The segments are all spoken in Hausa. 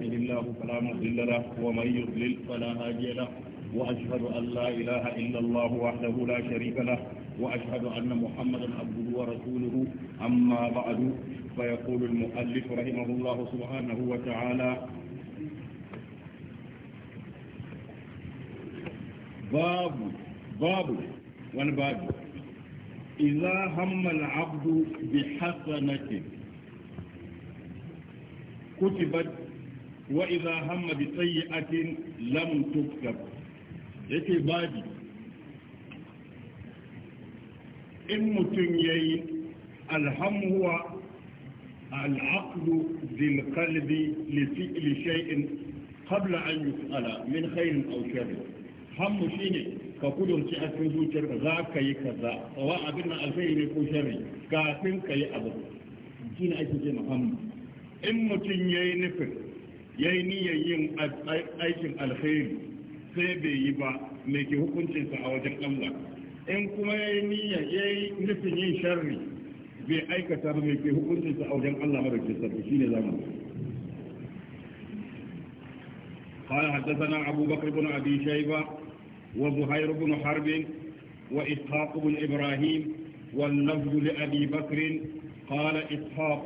يهده الله فلا مضل له ومن يضلل فلا هادي له وأشهد أن لا إله إلا الله وحده لا شريك له وأشهد أن محمدا عبده ورسوله أما بعد فيقول المؤلف رحمه الله سبحانه وتعالى باب باب والباب إذا هم العبد بحسنة كتبت wa iza hamma bi sayyi'atin lam tuktab yake badi in mutun yayi alham huwa al'aqdu bil qalbi li fi'li shay'in qabla an yus'ala min khayrin aw shar hamu shine ka kudun ci a cikin zuciyar za ka yi kaza wa abin nan alfairi ko shari kafin ka yi abu shine ake ce mahammu in mutum ya yi nufin ya yi niyyar yin aikin alkhairi sai bai yi ba mai ke hukuncinsa a wajen Allah in kuma ya yi niyyar ya yi nufin yin sharri bai aikata ba mai ke hukuncinsa a wajen Allah madaukin sarki shine zamu قال حدثنا أبو بكر بن أبي شيبة وزهير بن حرب وإسحاق بن إبراهيم واللفظ لأبي بكر قال إسحاق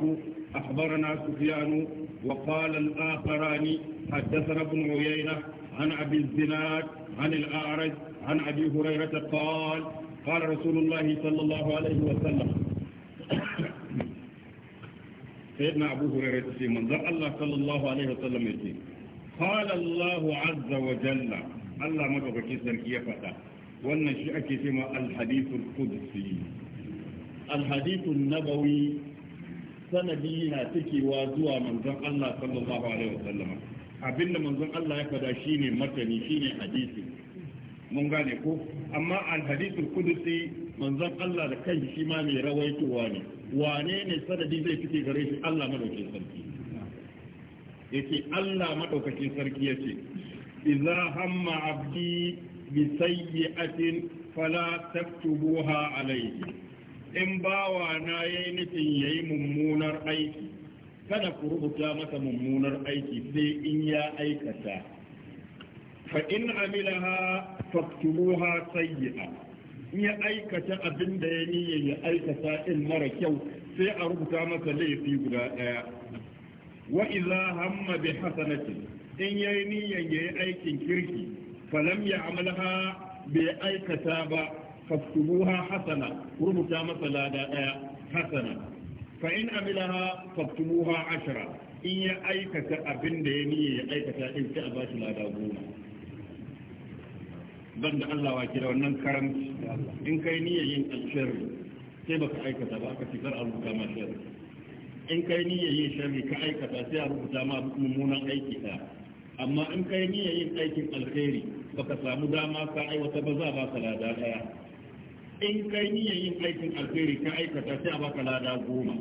أخبرنا سفيان وقال الآخران حدثنا ابن عيينة عن أبي الزناد عن الأعرج عن أبي هريرة قال قال رسول الله صلى الله عليه وسلم سيدنا أبو هريرة في منظر الله صلى الله عليه وسلم يقول قال الله عز وجل الله ما تبكي سركية فتا وأن كيسما الحديث القدسي الحديث النبوي sanadi na cikewa zuwa manzon Allah sallallahu alaihi wasallam abinda manzon Allah ya fada shine matani shine hadisi mun gane ko amma al hadithul qudusi manzon Allah da kanshi shi ma mai rawaitowa ne wane ne sanadi zai fice gare shi Allah madaukakin sarki Yake Allah madaukakin sarki yace idza hamma abdi bi sayyi'atin fala taktubuha alayhi in bawa na yayi nufin yayi mummunar aiki kada ku rubuta masa mummunar aiki sai in ya aikata fa in amilaha faktubuha sayyi'a in ya aikata abin da ya niyya ya aikata in mara kyau sai a rubuta masa laifi guda daya wa idza hamma bi hasanatin in yayi ya yi aikin kirki falam ya amalha bai aikata ba faktubuha hasana rubuta masa lada daya hasana fa in amilaha faktubuha ashara in ya aikata abin da ya niyya ya aikata din sai a bashi lada goma ban Allah wa wannan karamci in kai niyyar yin alsharri sai baka aikata ba aka fitar a rubuta ma sharri in kai yin ka aikata sai a rubuta ma aiki ta amma in kai yin aikin alkhairi baka samu dama ka aiwata ba za ba ka lada daya in kai niyyar yin aikin alheri ka aikata sai a baka lada goma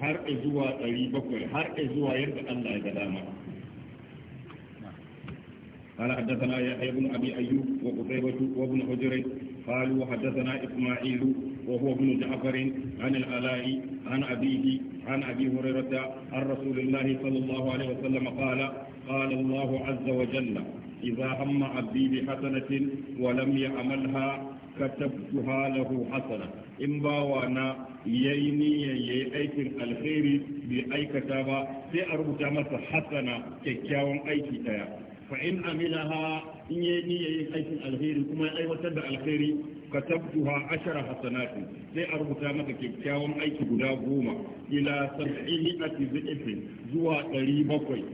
har zuwa ɗari bakwai har zuwa yadda Allah ya ga dama قال حدثنا يحيى بن ابي ايوب وقتيبة وابن حجر قالوا وحدثنا اسماعيل وهو ابن جعفر عن العلاء عن ابيه عن ابي هريرة عن رسول الله صلى الله عليه وسلم قال قال الله عز وجل إذا هم عبدي بحسنة ولم يعملها katabtuha lahu hasana in bawa na yayi niyyar yayi aikin alkhairi bai aikata ba sai a rubuta masa hasana kyakkyawan aiki daya fa in amilaha in yayi niyyar yayi aikin alkhairi kuma ya aiwatar da alkhairi katabtuha ashara hasanatin sai a rubuta masa kyakkyawan aiki guda goma ila sab'i mi'ati zuwa ɗari bakwai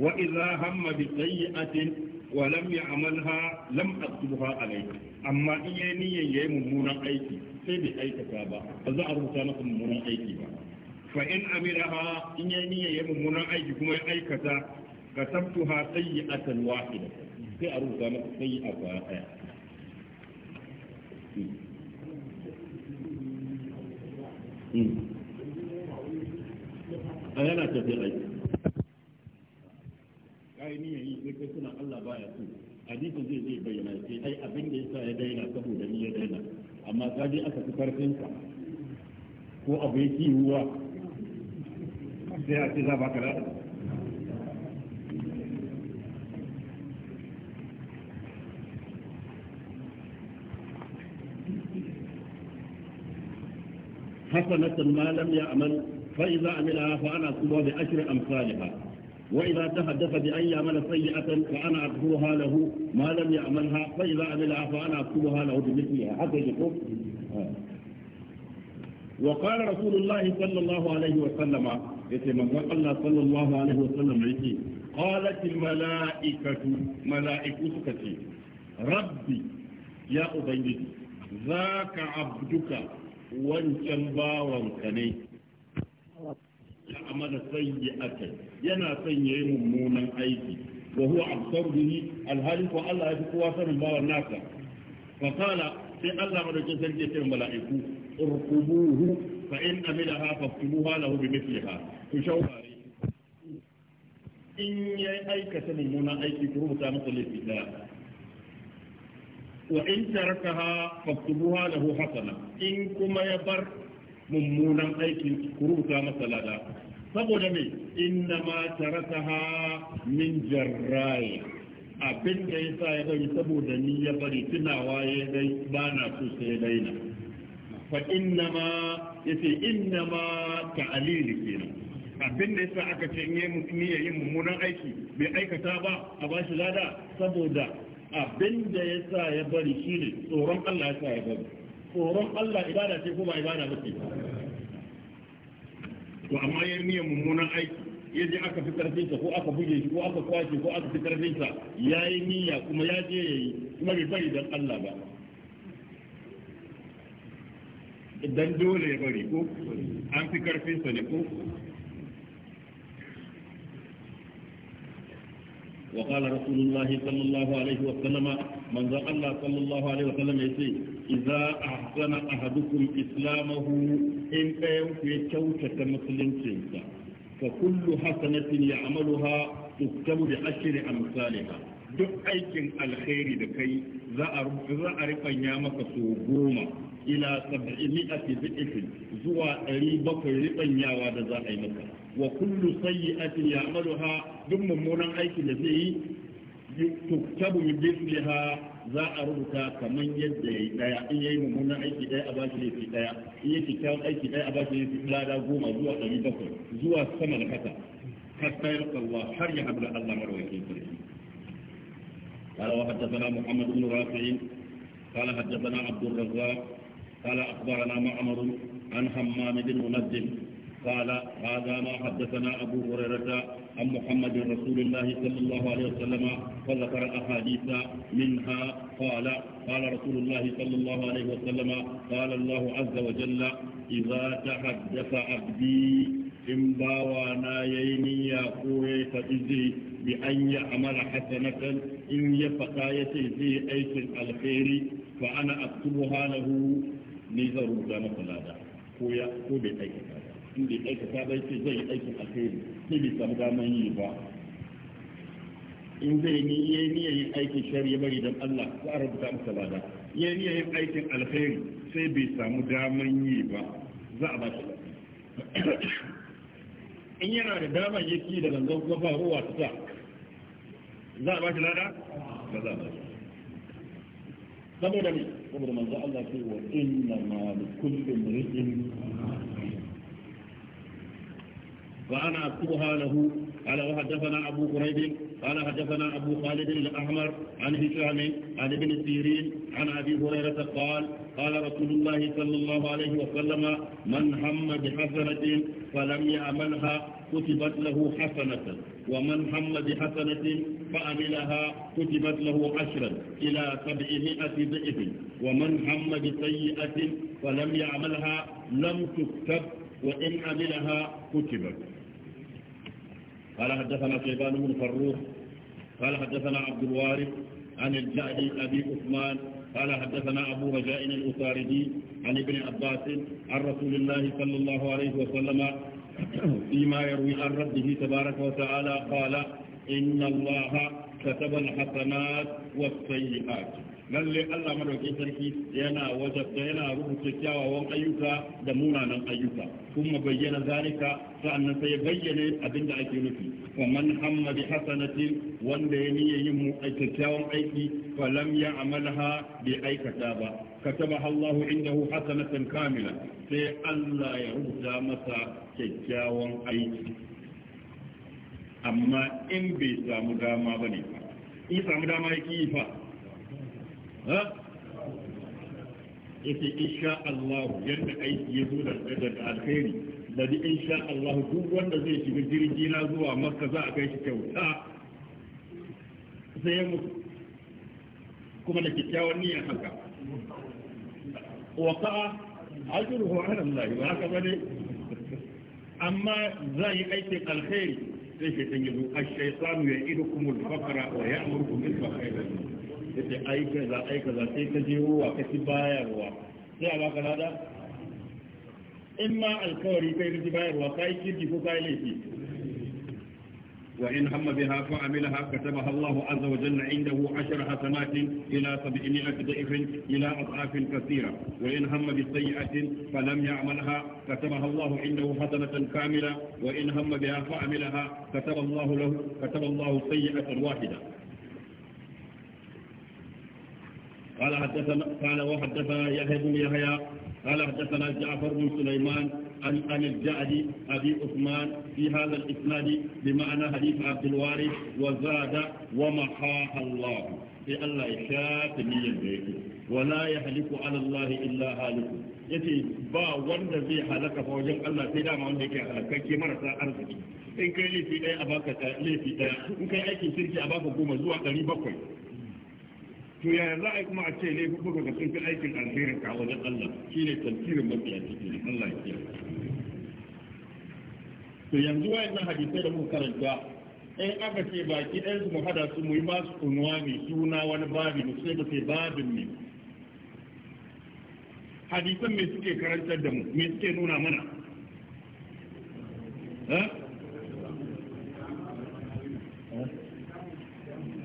wa idza hamma bi sayyi'atin wa lam ya'malha lam aktubha alayhi amma in yayi niyyan yayi mummunan aiki sai bai aikata ba ba za a rubuta masa mummunan aiki ba fa in amiraha in yayi niyyan yayi mummunan aiki kuma ya aikata sai a hadisin zai zai bayyana sai ai abin da yasa ya daina saboda ni ya daina amma ka aka fi karfin ka ko abu yake ruwa sai a ce za ba ka lada حسنة ما لم يعمل فإذا عملها فأنا أصبها بعشر أمثالها وإذا تحدث بأن يعمل سيئة فأنا أكتبها له ما لم يعملها فإذا عملها فأنا أكتبها له بمثلها حتى يقول وقال رسول الله صلى الله عليه وسلم يتمنى الله صلى الله عليه وسلم يتي قالت الملائكة ملائكة سكتي ربي يا أبيدي ذاك عبدك وانشنبا وانكني amala sayyi'atan yana son yayi mummunan aiki wa huwa absaruhu alhali ko Allah ya fi kowa sanin bawan naka fa qala sai Allah madaukin sarki ya ce mala'iku in ya aikata mummunan aiki ku rubuta masa laifi daya wa in tarakaha lahu hasana in kuma ya bar mummunan aikin kuruta masalada masa lada saboda me inna ma tarakaha min jarrai abin da ya sa ya bari saboda ni ya bari tunawa ya dai ba na so sai daina fa inna ma yace inna ma ta'lil kenan abin da yasa aka ce ne mutum ya yi mummunan aiki bai aikata ba a bashi lada saboda abin da yasa ya bari shine tsoron Allah yasa ya bari tsoron Allah ibada ce ko ba ibada ba ce to amma ya niyyar mummunan aiki ya je aka fi sa ko aka buge shi ko aka kwace ko aka fi karfinsa ya yi niyya kuma ya je ya yi kuma bai bari don Allah ba idan dole ya bari ko an fi sa ne ko وقال رسول الله صلى الله عليه وسلم من ذا الله صلى الله عليه وسلم يسير iza ahsana ahadukum islamahu in ɗayan ku ya kyautata musuluncinsa fa kullu hasanatin ya'maluha tuktabu bi ashri duk aikin alkhairi da kai za a rikanya maka so goma ila sab'i mi'ati bi'ifin zuwa ɗari bakwai rikanyawa da za a yi maka wa kullu sayyi'atin ha duk mummunan aikin da zai yi tuktabu bidliha za a rubuta kaman yadda yayi daya in yayi mummunan aiki daya a bashi laifi daya in yayi kyakkyawan aiki daya a bashi laifi lada goma zuwa ɗari bakwai zuwa sama da haka hatta yarka Allah har ya haɗu da Allah marwakin sarki قال وحدثنا محمد بن رافع قال حدثنا عبد الرزاق قال أخبرنا معمر عن حمام بن منزل قال هذا ما حدثنا أبو هريرة عن محمد رسول الله صلى الله عليه وسلم فذكر أحاديث منها قال قال رسول الله صلى الله عليه وسلم قال الله عز وجل إذا تحدث عبدي إن باوانا ييني يا قوي فإذي بأن يعمل حسنة إن يفقى يتيزي أيس الخير فأنا أكتبها له نزر مثلا ko ya ko bai aikata shi bai aikata ba yake zai aikin alheri sai bai samu daman yi ba in zai ni yayi niyyar yin aikin shari'a ya bari dan Allah ko a rubuta masa lada yayi niyyar yin aikin alheri sai bai samu daman yi ba za a ba shi in yana da daman yake da gangan kuma ba ruwa ta za a ba shi lada ba za a ba shi saboda ne saboda manzo Allah ce wa inna ma kullu mri'in وأنا أكتبها له قال وحدثنا أبو قريب قال حدثنا أبو خالد الأحمر عن هشام عن ابن سيرين عن أبي هريرة قال قال رسول الله صلى الله عليه وسلم من هم بحسنة فلم يعملها كتبت له حسنة ومن هم بحسنة فعملها كتبت له عشرا إلى سبعمائة ضعف ومن هم بسيئة فلم يعملها لم تكتب وإن عملها كتبت قال حدثنا شيبان بن فروخ قال حدثنا عبد الوارث عن الجعد أبي عثمان قال حدثنا أبو رجاء الأساردي عن ابن عباس عن رسول الله صلى الله عليه وسلم فيما يروي عن ربه تبارك وتعالى قال إن الله كتب الحسنات والسيئات lalle Allah madauki sarki yana wajabta yana rubuta kyawawan ayyuka da munanan ayyuka kuma bayyana zalika sa'annan sai bayyana abin da ake nufi wa man hamma bi wanda ya niyya yin mu aiki fa lam ya'malha bi aikata ba katabaha Allah indahu hasanatan kamila sai Allah ya rubuta masa kyakkyawan aiki amma in bai samu dama bane in samu dama yi fa yace insha Allah yadda aiki ya zo da alkhairi da bi insha Allah duk wanda zai shiga jirgi na zuwa Makka za a kai shi kyauta sai ya mutu kuma da kyakkyawan niyyar haka waka ajruhu ala Allah wa haka bane amma zai aiki alkhairi sai shaytan ya zo ash ya ya'idukum al-faqra wa ya'murukum bil-fahsha'i yace ai kaza ai kaza sai ka je ruwa ka ci bayarwa sai a baka lada in ma alkawari kai ka ci bayarwa kai kirki ko kai laifi وإن هم بها فعملها كتبها الله عز وجل عنده عشر حسنات إلى سبعمائة ضعف إلى أضعاف كثيرة وإن هم بسيئة فلم يعملها كتبها الله عنده حسنة كاملة وإن هم بها فعملها كتب الله له كتب الله سيئة واحدة قال حدثنا قال وحدثنا يحيى بن يحيى قال حدثنا جعفر بن سليمان عن عن الجعد ابي عثمان في هذا الاسناد بمعنى حديث عبد الوارث وزاد ومحاها الله في الله يشاف نيه ولا يهلك على الله الا هالك yace ba wanda zai halaka fa wajen Allah sai dama wanda yake halakakke marasa arziki in kai laifi ɗaya a baka laifi ɗaya in kai aikin kirki a baka goma zuwa ɗari bakwai to yaya za a yi kuma a ce ne kuma ga sun fi aikin alherin ka wajen Allah shi ne tafsirin mafiya ciki Allah ya to yanzu wa yana hadisai da muka karanta in aka ce baki ɗayan su mu hada su mu yi masu unuwa mai suna wani babi mu sai ba sai babin ne hadisan me suke karantar da mu me suke nuna mana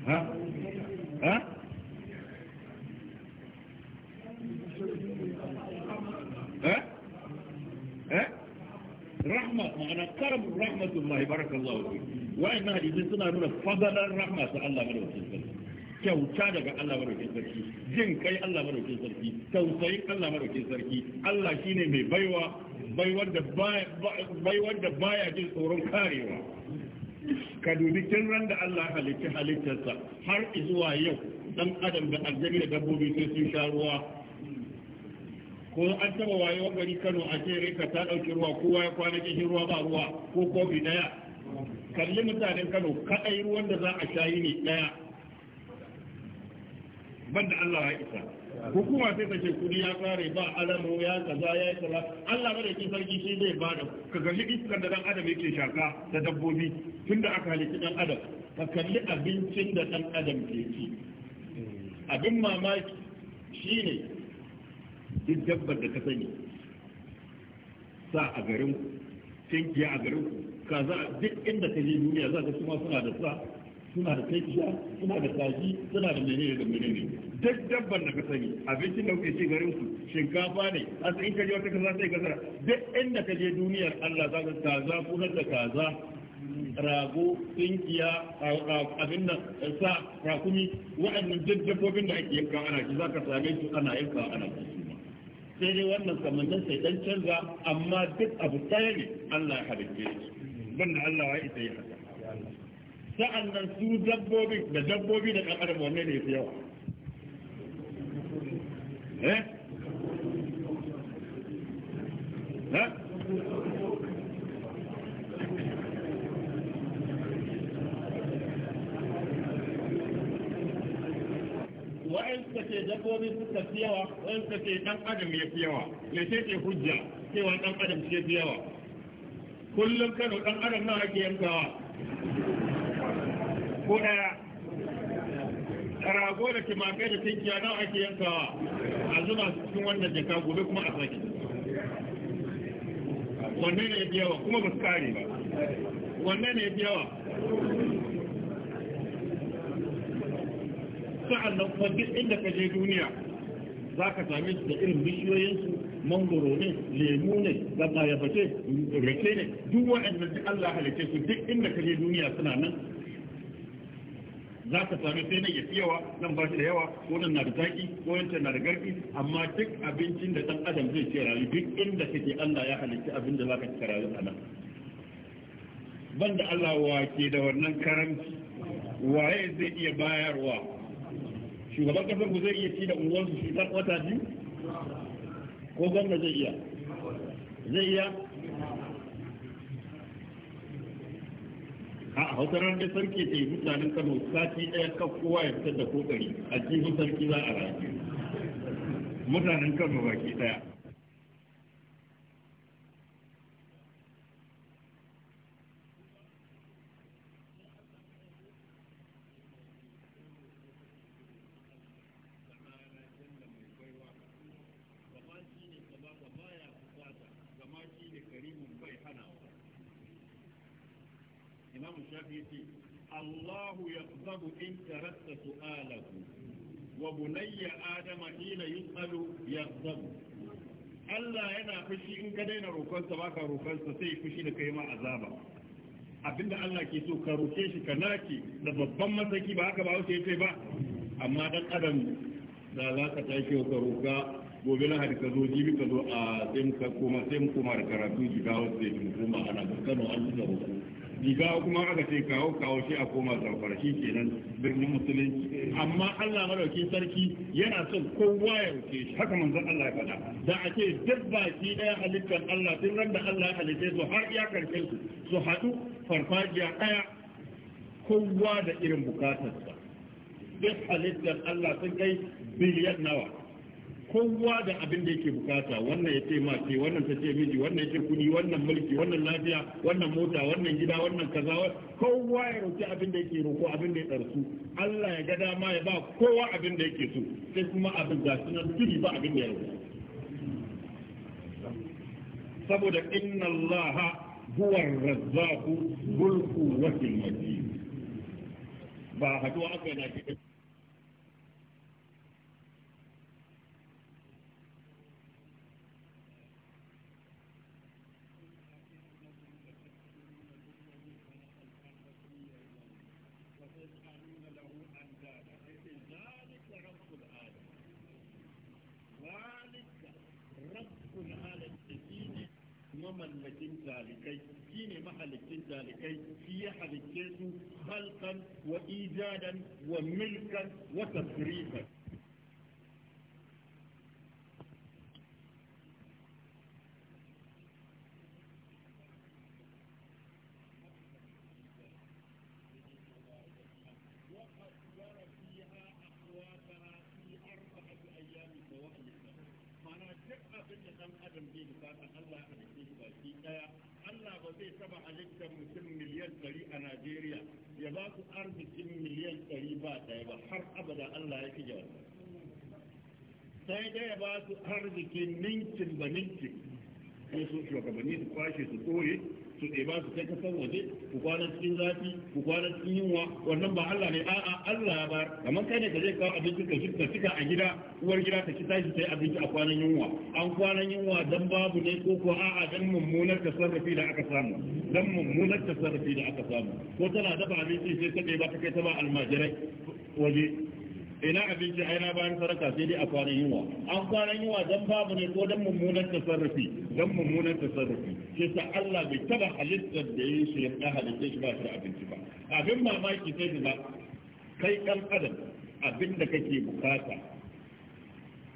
ha ha rahma ma'ana karam rahmatullah barakallahu fi na hadisi suna nuna fadalar rahma ta Allah madaukakin sarki kyauta daga Allah madaukakin sarki jin kai Allah madaukakin sarki tausayin Allah madaukakin sarki Allah shine mai baiwa baiwar da baya baiwar da baya jin tsoron karewa ka dubi kin ran da Allah halitta halittarsa har zuwa yau dan adam da aljami da dabbobi sai sun sha ruwa ko an taba wayo gari Kano a ce rika ta dauki ruwa kowa ya kwana kishin ruwa ba ruwa ko kofi daya kalli mutanen Kano kadai ruwan da za a shayi ne daya banda Allah ya isa hukuma sai ta ce kudi ya kare ba alamu ya kaza ya yi kaza Allah ba da ke sarki shi zai ba da ka kalli iskar da dan adam yake shaka da dabbobi tunda aka halitta dan adam ka kalli abincin da dan adam ke ci abin mamaki shine duk dabbar da ka sani sa a garin ku a garin ku kaza duk inda ka je duniya za ka su ma suna da sa suna da tinkiya suna da kaji suna da menene da menene duk dabbar da ka sani abincin da kuke ci garin ku shinkafa ne an in ka je wata kasa sai kaza duk inda ka je duniyar Allah za ka kaza kunar da kaza rago tinkiya abin nan sa rakumi waɗannan dabbobin da ake yanka ana ci za ka same su ana yanka ana ci sai dai wannan kamannin sai dan canza amma duk abu ɗaya ne Allah ya halitta su banda Allah ya isa yi haka sa'an nan su dabbobi da dabbobi da kan adam ne su yawa eh ka fi yawa wani ka ce dan adam ya fi yawa me ce ce hujja cewa dan adam ce fi yawa kullum kano dan adam na ake yankawa ko daya rago da timakai da tinkiya na ake yankawa a zuba su cikin wannan jaka gobe kuma a sake wannan ne fi yawa kuma ba su kare ba wannan ne fi yawa sa'an nan kuma inda ka je duniya za ka same su da irin bishiyoyinsu mangoro ne lemu ne gaba ya bace, rake ne duk waɗanda duk Allah halice su duk inda kaje duniya suna nan za ka sami sai nan ya fi yawa nan ba shi da yawa ko nan na da zaki ko yanta na da garki amma duk abincin da dan adam zai ci rayu duk inda kake Allah ya halitta abin da ka ci rayu a nan banda Allah wa ke da wannan karanci waye zai iya bayarwa shugaban kasar ku zai iya ci da unguwarsu shi kan wata biyu ko gwamna zai iya zai iya a hautarar da sarki ta yi mutanen kano sati ɗaya kan kowa ya fitar da kokari a cikin sarki za a rayu mutanen kano baki ɗaya الله يغضب إن تركت سؤاله وبني آدم حين يسأل يغضب Allah yana fushi in ka daina roƙonsa baka roƙonsa sai fushi da kai ma azaba abinda Allah ke so ka roƙe shi ka nace da babban masaki ba haka ba wuce kai ba amma dan adam da za ka tashi ka roƙa gobe na haɗi ka zo jibi ka zo a sai mu koma sai mu koma da karatu wasu sai mu kuma ana kano an da roƙo riga kuma aka ce kawo kawo shi a koma zamfara shi kenan birnin musulunci amma Allah madauki sarki yana son kowa ya rufe shi haka manzon Allah ya faɗa da a ce duk baki ɗaya halittar Allah tun ran da Allah ya halitta su har iya karshen su su haɗu farfajiya ɗaya kowa da irin bukatarsa duk halittar Allah sun kai biliyan nawa kowa da abin da yake bukata wannan ya ce mace wannan ta ce miji wannan ya ce kudi wannan mulki wannan lafiya wannan mota wannan gida wannan kaza kowa ya roki abin da yake roko abin da ya tsarsu Allah ya ga dama ya ba kowa abin da yake so sai kuma abin su sunan tudu ba abin da ya roki saboda inna Allah huwa razzaqu bulku wa al-matin ba hadu aka yana cikin mamallakin talikai shi ne mahalicin talikai shi ya halicce su halkan wa ijadan wa milkan wa tasrifan abin da dan adam zai bukata Allah ya daya Allah ba zai taba halittar mutum miliyan ɗari a Najeriya ya ba ku arzikin miliyan ɗari ba ɗaya ba har abada Allah ya fi sai dai ya ba su arzikin ninkin ba ninkin sai su shugabanni su kwashe su tsoye su ba su kai kasar waje ku kwana cikin zafi ku kwana cikin yunwa wannan ba Allah ne a'a Allah ya bar kamar kai ne ka zai kawo abinci ka shirka cika a gida uwar gida ta ci tashi sai abinci a kwanan yunwa an kwanan yunwa dan babu ne ko ko a'a dan mummunar tasarrufi da aka samu dan mummunar tasarrufi da aka samu ko tana dafa abinci sai ta ba ta kai ta ba almajirai waje ina abinci aina yana bayan saraka sai dai a kwanan yunwa an kwanan yunwa dan babu ne ko dan mummunan tasarrufi dan mummunan tasarrufi sai sa Allah bai taba halittar da yayi shi ya halitta shi ba shi abinci ba abin mamaki sai da kai dan adam abin da kake bukata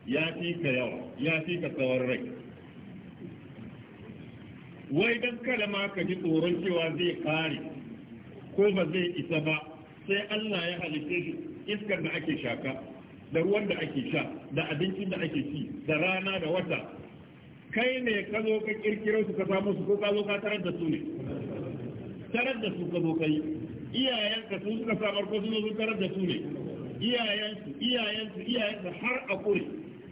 ya fi ka yawa ya fi ka tsawon rai wai dan kada ma ka ji tsoron cewa zai kare ko ba zai isa ba sai Allah ya halitta shi iskar da ake shaka da ruwan da ake sha da abincin da ake ci da rana da wata kai ne ka zo ka kirkiro su ka samu su ko ka zo ka tarar da su ne tarar da su ka zo kai iyayenka su suka samar ko su zo tarar da su ne iyayensu iyayensu iyayensu har a kure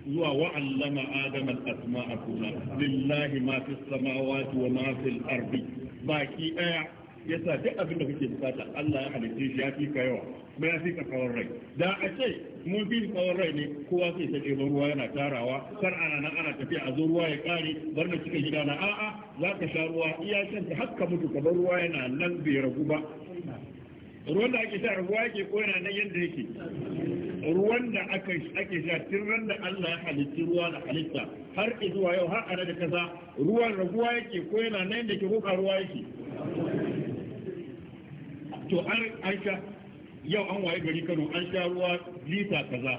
zuwa wa'allama adama al-asma'a kullaha lillahi ma fis samawati wa ma fil ardi baki daya yasa duk abin da kuke bukata Allah ya halitta shi ya fi ka yawa kuma ya fi ka kawar rai da a ce mun fi kawar rai ne kowa sai ta ɗebo ruwa yana tarawa kar ana nan ana tafiya a zo ruwa ya kare bar na cikin gida na a'a za ka sha ruwa iya shan ta hakka mutu ka bar ruwa yana nan bai ragu ba ruwan da ake sha ruwa yake ko yana nan yadda yake ruwan da ake sha tirran da Allah ya halitta ruwa da halitta har zuwa yau har ana da kaza ruwan raguwa yake ko yana nan yadda yake ko karuwa yake to an sha yau an waye gari kano an sha ruwa lita kaza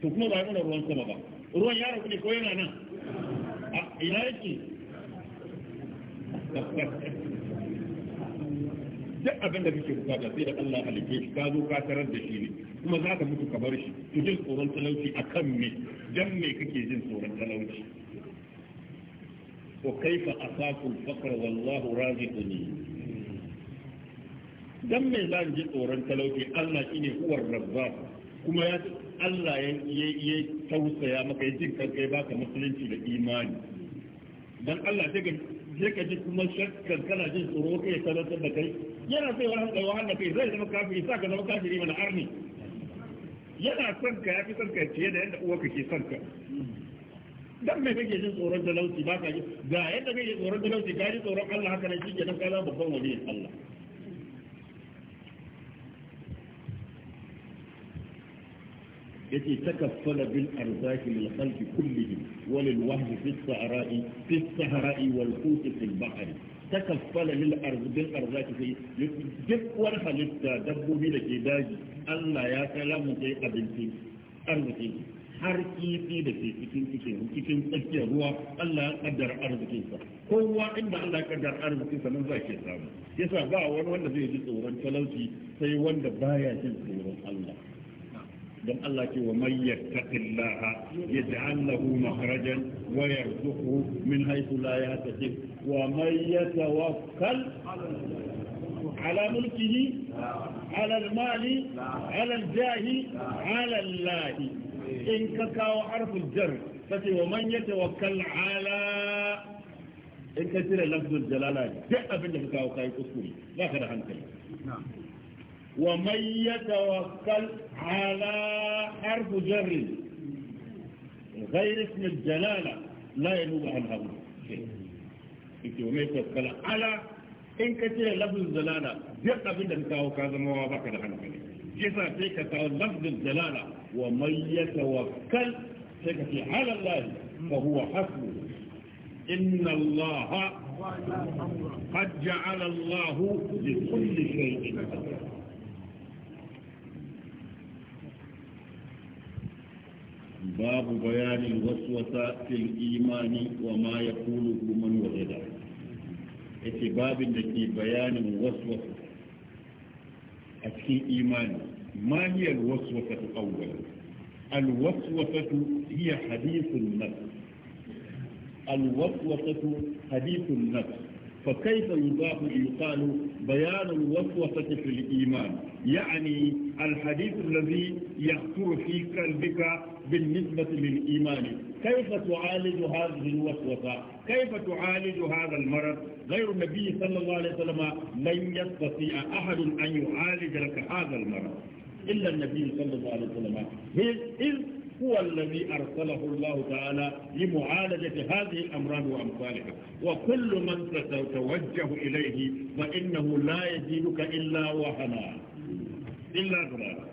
to kuma ba yana ruwan sama ba ruwan yaro ne ko yana nan a ina yake duk abin da kake bukata sai da Allah halitta shi ka zo ka tarar da shi ne kuma za ka mutu ka bar shi to jin tsoron talauci a kan me dan me kake jin tsoron talauci wa kaifa asaku fakar wallahu raziquni dan mai za ji tsoron talauci Allah shine huwar rabba kuma ya Allah ya tausaya maka ya jin kankai ba baka musulunci da imani dan Allah sai ka sai ka ji kuma shakkar kana jin tsoro kai talautar da kai yana sai wani hankali wani kai zai zama kafiri sa ka zama kafiri mana arni yana son ka ya fi son ka ciye da yadda ka ke son ka dan mai kake jin tsoron talauci ba ka ji ga yadda kake tsoron talauci ka ji tsoron Allah haka na shi ke nan ka zama babban wani Allah يتي تكفل بالأرزاق للخلق كلهم وللوهج في الصحراء في الصحراء والقوت في البحر تكفل للأرز بالأرزاق في دك والحلقة da ke daji Allah ya salamu سي أبنتي arziki har kifi da ke cikin cikin cikin tsakiyar ruwa Allah ya kaddara arzikinsa kowa inda Allah ya kaddara arzikinsa nan za ke samu yasa ba wani wanda zai ji tsoron talauci sai wanda baya jin tsoron Allah don Allah ce wa man yattaqillaha yaj'al lahu makhrajan wa yarzuqhu min haythu la yahtasib wa man yatawakkal ala mulkihi ala al-mali ala al-jahi ala Allah in ka kawo harfin jar kace wa man yatawakkal ala in ka tira lafzul jalala duk abin da ka kawo kai kuskure ba ka da hankali ومن يتوكل على حرف جر غير اسم الجلالة لا ينوب عن هذا انت ومن يتوكل على ان كتير لفظ الجلالة بيقى بدا نتاو كذا ما وابقى لحنا جسا فيك تاو لفظ الجلالة ومن يتوكل في على الله فهو حسنه إن الله قد جعل الله لكل شيء قدر باب بيان الوسوسة في الإيمان وما يقوله من وجده yace babin da ke bayanin waswasa a cikin imani ma hiya alwaswasa ta awwal alwaswasa hiya hadithun nafs فكيف يضاف يقال بيان الوسوسة في الإيمان يعني الحديث الذي يخطر في قلبك بالنسبة للإيمان كيف تعالج هذه الوسوسة كيف تعالج هذا المرض غير النبي صلى الله عليه وسلم لن يستطيع أحد أن يعالج لك هذا المرض إلا النبي صلى الله عليه وسلم إذ هو الذي أرسله الله تعالى لمعالجة هذه الأمراض وأمثالها وكل من تتوجه إليه فإنه لا يجيبك إلا وهنا إلا ضرارا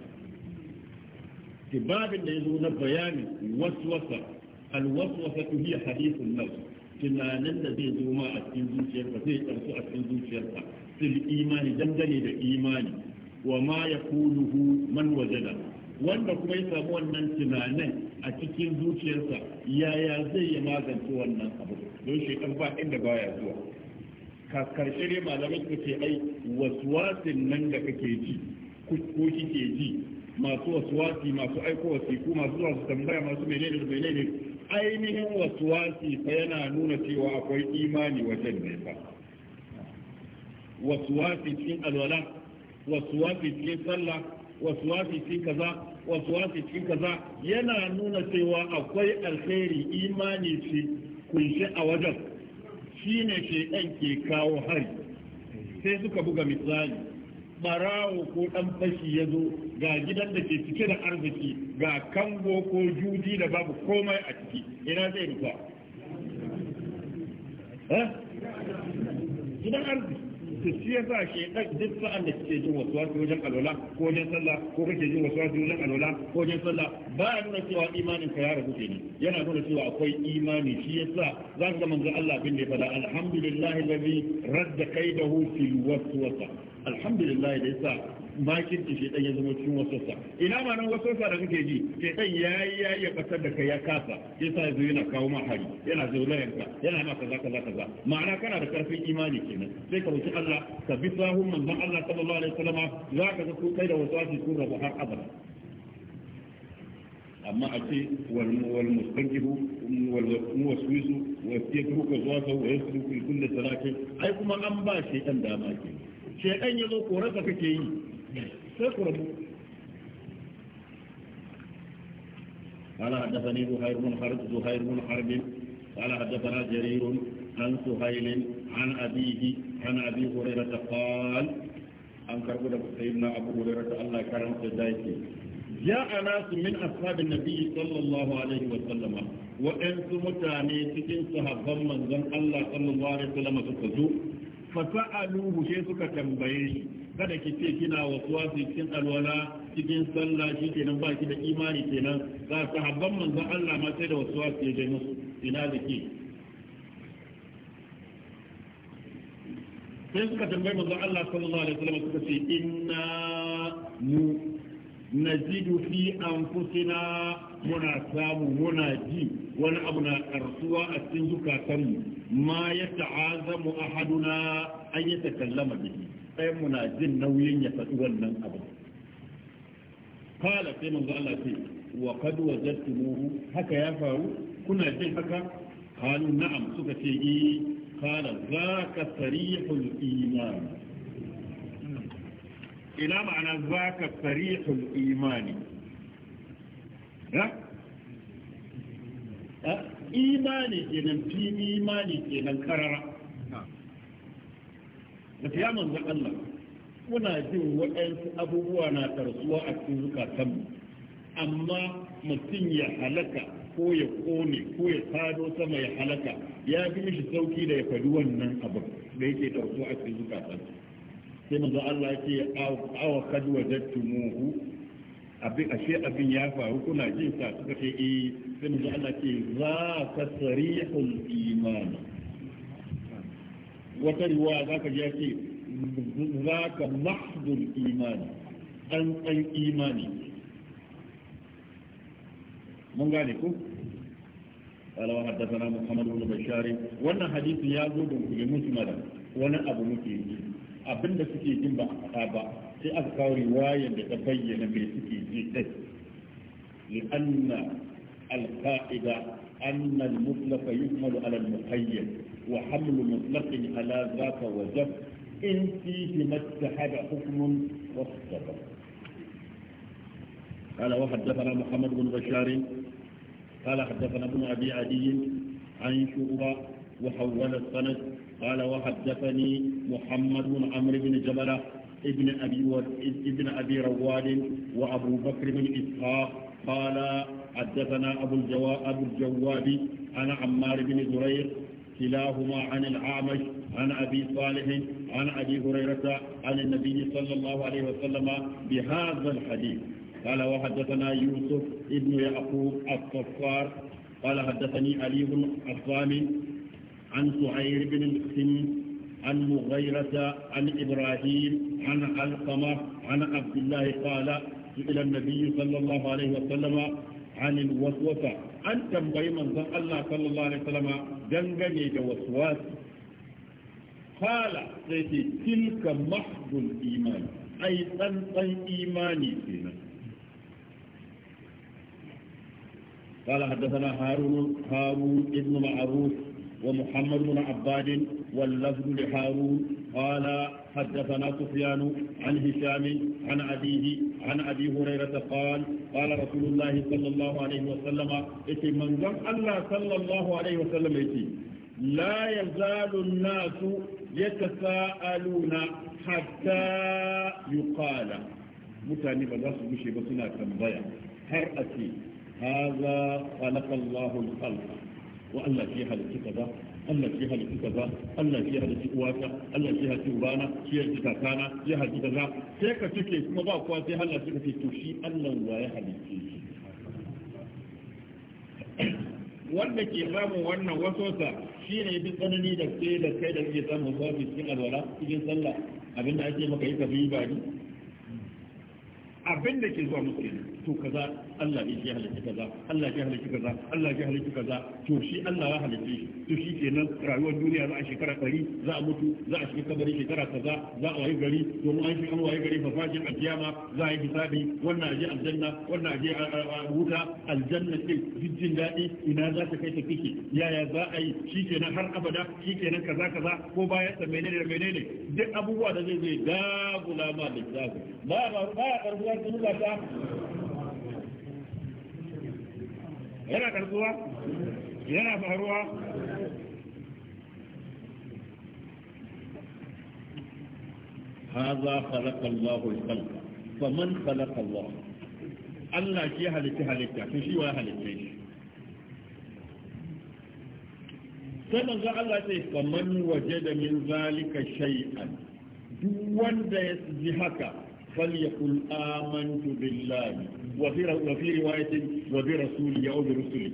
باب يزون بيان وسوسة الوسوسة هي حديث النفس tunanin da zai zo ma a cikin zuciyarka zai karsu a cikin zuciyarka fil imani dangane da imani wa ma yakuluhu man wajada wanda kuma ya samu wannan tunanin a cikin zuciyarsa yaya zai yi magance wannan abu don shekar ba inda baya zuwa ka karshe ne malamai suka ce ai waswasin nan da kake ji ko kike ji masu waswasi masu aiko wasiku masu zuwa su tambaya masu menene da menene ainihin waswasi fa yana nuna cewa akwai imani wajen ne fa waswasi cikin alwala waswasi cikin sallah wasuwasi ci kaza wasuwasi ci kaza yana nuna cewa akwai alheri imani ce kunshe a wajen shine shaidan ke kawo hari sai suka buga misali barawo ko dan fashi ya zo ga gidan da ke cike da arziki ga kango ko juji da babu komai a ciki ina zai rufa eh? gidan arziki to shi yasa shi dan duk sa'an da kike jin wasu wasu wajen alwala ko wajen sallah ko kake jin wasu wasu wajen alola ko wajen sallah ba ya nuna cewa imanin ka ya rabu ne yana nuna cewa akwai imani shi yasa za ka manzo Allah bin da fada alhamdulillahi alladhi radda kaidahu fil waswasa alhamdulillah da yasa makin din shedan ya zama cikin waswasa ina ma nan waswasa da kake ji shedan yayi yayi ya batar da kai ya kasa yasa yazo yana kawo ma hari yana zaulayan ka yana ma kaza kaza kaza ma'ana kana da karfin imani kenan sai ka roki Allah ka bi sahun manzon Allah sallallahu alaihi wasallam za ka ga ku kai da waswasi kun rabu har abada amma a ce walmustankihu walwaswisu wasu turka zuwa sau wa yasu turka kulle salatin ai kuma an ba shaitan dama ke shaitan ya zo korarsa kake yi sai ku rabu قال حدثني زهير بن حرب زهير بن حرب قال حدثنا جرير عن سهيل عن أبيه عن أبي هريرة قال an karbo da sayyidina abu hurairah da Allah karanta dake ja'a nasu min ashabin nabiyyi sallallahu alaihi wa sallam wa antu mutane cikin sahabban manzon Allah sallallahu alaihi wa sallam suka zo tambaye kada ki ce kina wasuwa cikin alwala cikin sallah shi kenan ba ki da imani kenan za sahabban manzon Allah ma sai da wasuwa ke da musu ina da ke sai suka tambayi manzon Allah sallallahu alaihi wasallam suka ce inna mu nazidu fi anfusina muna samu muna ji wani abu na karsuwa a cikin zukatanmu ma ya ta'azamu ahaduna an yi ta takallama bihi ɗayan mu na jin nauyin ya faɗi wannan abu kala sai manzo Allah ce wa qad wajadtumuhu haka ya faru kuna jin haka qalu na'am suka ce eh kala zaka sarihul iman ila ma'ana zaka sarihul imani imani kenan fi imani kenan karara da fiya manzan Allah muna jin waɗansu abubuwa na tarsuwa a cikin zukatanmu amma mutum ya halaka ko ya kone ko ya fado sama ya halaka ya fi mishi sauki da ya faɗi wannan abin da yake tarsuwa a cikin zukatanmu sai manzan Allah ce awa kad wajadtumuhu abin ashe abin ya faru kuna jin sa suka ce eh sai manzan Allah ce za ka sarihul imani wata riwaya za ka ji ya ce za ka mahdul imani tsantsan imani mun gane ku قال وحدثنا محمد بن بشار وانا حديث يا زود بمسمد wani abu muke abin da suke jin ba a ba sai aka kawo riwayar da ta bayyana mai suke ji din li'anna al-qa'ida anna al-mutlaq yuhmalu وحمل مطلق على ذاك وجب إن في ما اتحد حكم والسبب قال وحدثنا محمد بن بشار قال حدثنا ابن أبي عدي عن شعبة وحول السند قال وحدثني محمد بن عمرو بن جبلة ابن أبي و... ابن أبي رواد وأبو بكر بن إسحاق قال حدثنا أبو الجواب أبو الجواب عن عمار بن زريق كلاهما عن الأعمش عن أبي صالح عن أبي هريرة عن النبي صلى الله عليه وسلم بهذا الحديث قال وحدثنا يوسف ابن يعقوب الصفار قال حدثني علي بن الصامي عن سعير بن القسم عن مغيرة عن إبراهيم عن علقمة عن عبد الله قال سئل النبي صلى الله عليه وسلم عن الوسوسة an tambayi manzon Allah sallallahu alaihi wasallama dangane da wasu kala sai ce tilka mahdul iman ai tsantsan imani kenan قال حدثنا هارون هارون ابن معروف ومحمد بن عباد واللفظ لهارون قال حدثنا سفيان عن هشام عن أبيه عن أبي هريرة قال قال رسول الله صلى الله عليه وسلم إتي من زم الله صلى الله عليه وسلم إتي لا يزال الناس يتساءلون حتى يقال mutane ba za su gushe ba suna tambaya har a ce haza khalaqa Allahu al wa Allah shi halitta kaza Allah shi halitta kaza Allah shi halitta uwata Allah shi halitta ubana shi halitta kakana shi halitta kaza sai ka cike kuma ba kuwa sai Allah suka ce to shi Allah wa ya halitta shi wanda ke samun wannan wasosa shi ne bi tsanani da ke da kai da ke samun sabi cikin alwala cikin sallah abinda ake maka yi ka bi ba ni abinda ke zuwa musulmi to kaza Allah ne ya halitta kaza Allah ya halitta kaza Allah ya halitta kaza to shi Allah ya halitta shi to shi kenan rayuwar duniya za a shekara 100 za a mutu za a shiga kabari shekara kaza za a wayi gari to mu an shi an wayi gari fa fashin alkiyama za a yi hisabi wannan aje aljanna wannan aje wuta aljanna ce jijjin daɗi ina za ta kai ta kike yaya za a yi shi kenan har abada shi kenan kaza kaza ko bayan sa menene da menene duk abubuwa da zai zai dagula ma da ba ba ba karbuwa ta yana karbuwa yana faruwa هذا خلق الله الخلق فمن خلق الله الله شي halitta halitta to shi wa halitta shi sai manzo Allah sai faman da min zalika shay'an duk wanda ya ji haka falyakul amantu billahi وفي وفي رواية ya يعود رسولي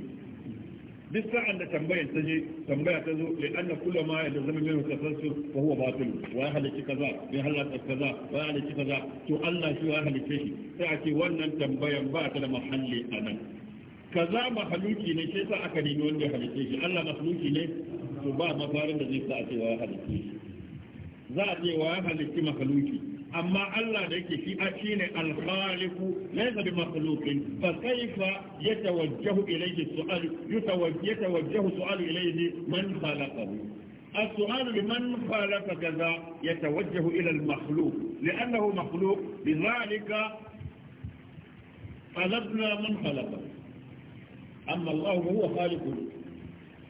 duk sa'an da tambayar ta je tambaya ta zo li anna kullu ma ya zama min tasassu ko huwa batil wa ya halaki kaza bi halaka kaza wa ya halaki kaza to Allah shi ya halike shi sai a ce wannan tambayan ba ta da mahalli anan kaza mahaluki ne sai sa aka nemi wanda ya halike shi Allah mahaluki ne to ba mafarin da zai sa a ce wa halike shi za a ce wa ya halike mahaluki amma Allah da yake shi a shine al-khaliqu laysa bi makhluqin fa kayfa yatawajjahu ilayhi su'al yatawajjahu su'al ilayhi man khalaqahu السؤال لمن خالف كذا يتوجه إلى المخلوق لأنه مخلوق لذلك خلقنا من خلقه أما الله هو خالقه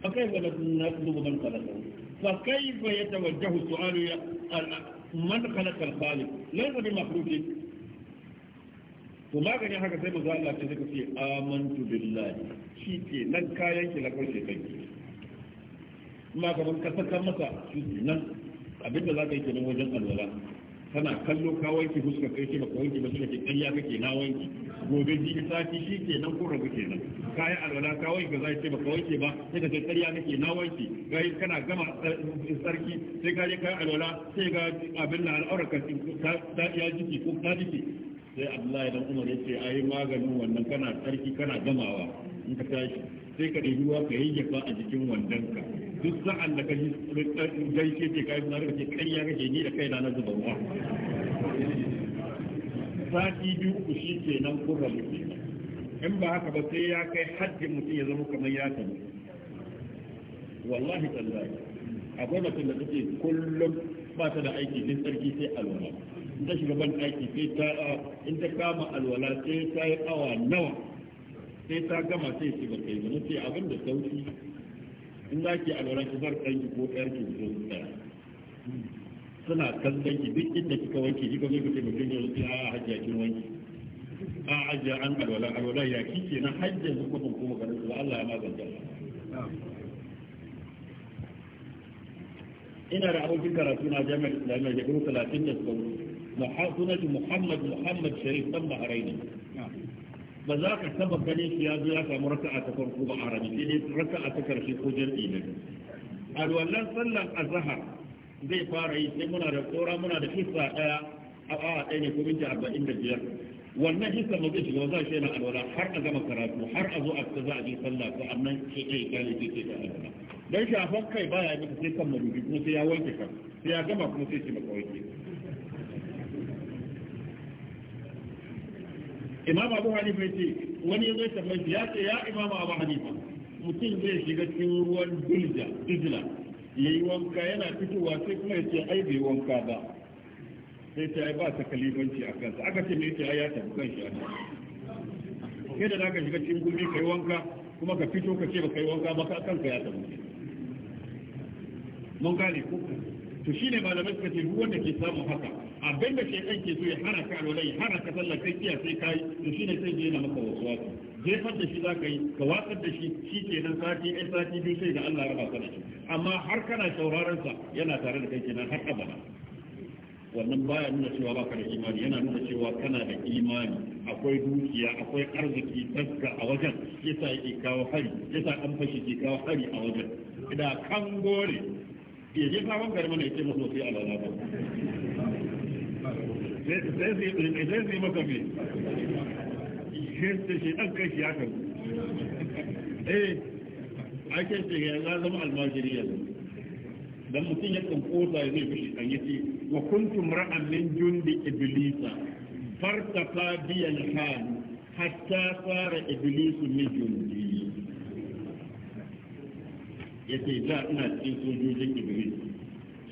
فكيف نطلب من خلقه فكيف يتوجه السؤال man khalaqal khaliq laysa bi makhluqin to maganin haka sai manzo Allah ce suka ce amantu billahi shi ke nan kayan ki lakon kai maganin ka saka masa shi nan abinda za ka yi kenan wajen alwala kana kallo ka wanki fuska kai ce baka wanki ba suka ce kayya kake na wanki gobe ji sati shi ke nan kun rabu kenan kayan alwala ka wanke za ce baka wanke ba sai ka ce ƙarya nake na wanke kai kana gama eh, sarki sai ka je kayan alwala sai ga abin na al'aurar ka ta iya jiki ko ta jiki sai Abdullahi dan Umar ya ce ai maganin wannan kana sarki kana gamawa in ka tashi sai ka ɗebi ruwa ka yayyafa a jikin ka duk sa'an da ka ji eh, eh, gaishe ce ka yi kai na kake ƙarya kake ni da kai na zuba ruwa sati biyu uku shi ke nan ko mutum in ba haka ba sai ya kai haddin mutum ya zama kamar ya kama wallahi tallahi a gwamnatin da take kullum ba ta da aiki din tsarki sai alwala in ta shiga ban aiki sai ta in ta kama alwala sai ta yi awa nawa sai ta gama sai ce ba kai ba sai abin da sauki in za ki alwala ki bar ɗanki ko ɗanki ki zo suna kallon ki duk inda kika wanke kika zo kike mutum ya rufe a hajjia kin wanke a hajjia an alwala alwala ya kike na hajjia su kuma kuma garin su Allah ya magance ina da abokin karatu na jami'ar islamiyya shekaru talatin da suka wuce sunatu muhammad muhammad sharif dan ne. ba za ka taba ganin shi ya zo ya samu raka'a ta farko ba arabi sai dai raka'a ta karshe ko jar'i ne a wannan sallan azhar zai fara yi sai muna da tsora muna da hissa ɗaya a awa ɗaya ne ko minti arba'in da biyar wannan hissa ba shiga ba za shi yana alwala har a gama karatu har a zo a ta za a je sallah ko annan ke ɗaya gane ke ke da alwala dan shafan kai baya yi maka sai kan madubi kuma sai ya wanke kan sai ya gama kuma sai ce maka wanke imam abu hanifa ya ce wani zai tambaye ya ce ya imam abu hanifa mutum zai shiga cikin ruwan dulja dijila ya yi wanka yana fitowa sai kuma ya ce ai bai wanka ba sai ta ba ta kalibanci a kansa aka ce me yake ai ya tafi kan shi a kai da naka shiga cikin gumi kai wanka kuma ka fito ka ce ba kai wanka ba ka kanka ya tafi mun gane ko to shine malamai suka ce duk wanda ke samun haka abinda shekan ke so ya hana ka alwala ya hana ka sallah kai kiyaye sai kai to shine sai je na maka wasu wasu jefar da shi za ka yi ka watsar da shi shi ke nan sati ɗan sati biyu sai da Allah raba ka da shi amma har kana sauraron sa yana tare da kai kenan har abada wannan baya nuna cewa ba ka da imani yana nuna cewa kana da imani akwai dukiya akwai arziki tsaka a wajen yasa yake kawo hari yasa an fashi ke kawo hari a wajen da kan gore ya je sabon gari mana ya ce masa sai alala ba sai sai sai sai yadda shi ɗan kai shi ya kan eh ake ce ya zama almajiri yanzu dan mutum ya kan kota ya zai fushi kan yace wa kuntum ra'an min jundi iblisa fartaqa bi al-hal hatta sara iblis min jundi yace da ina cikin sojojin iblis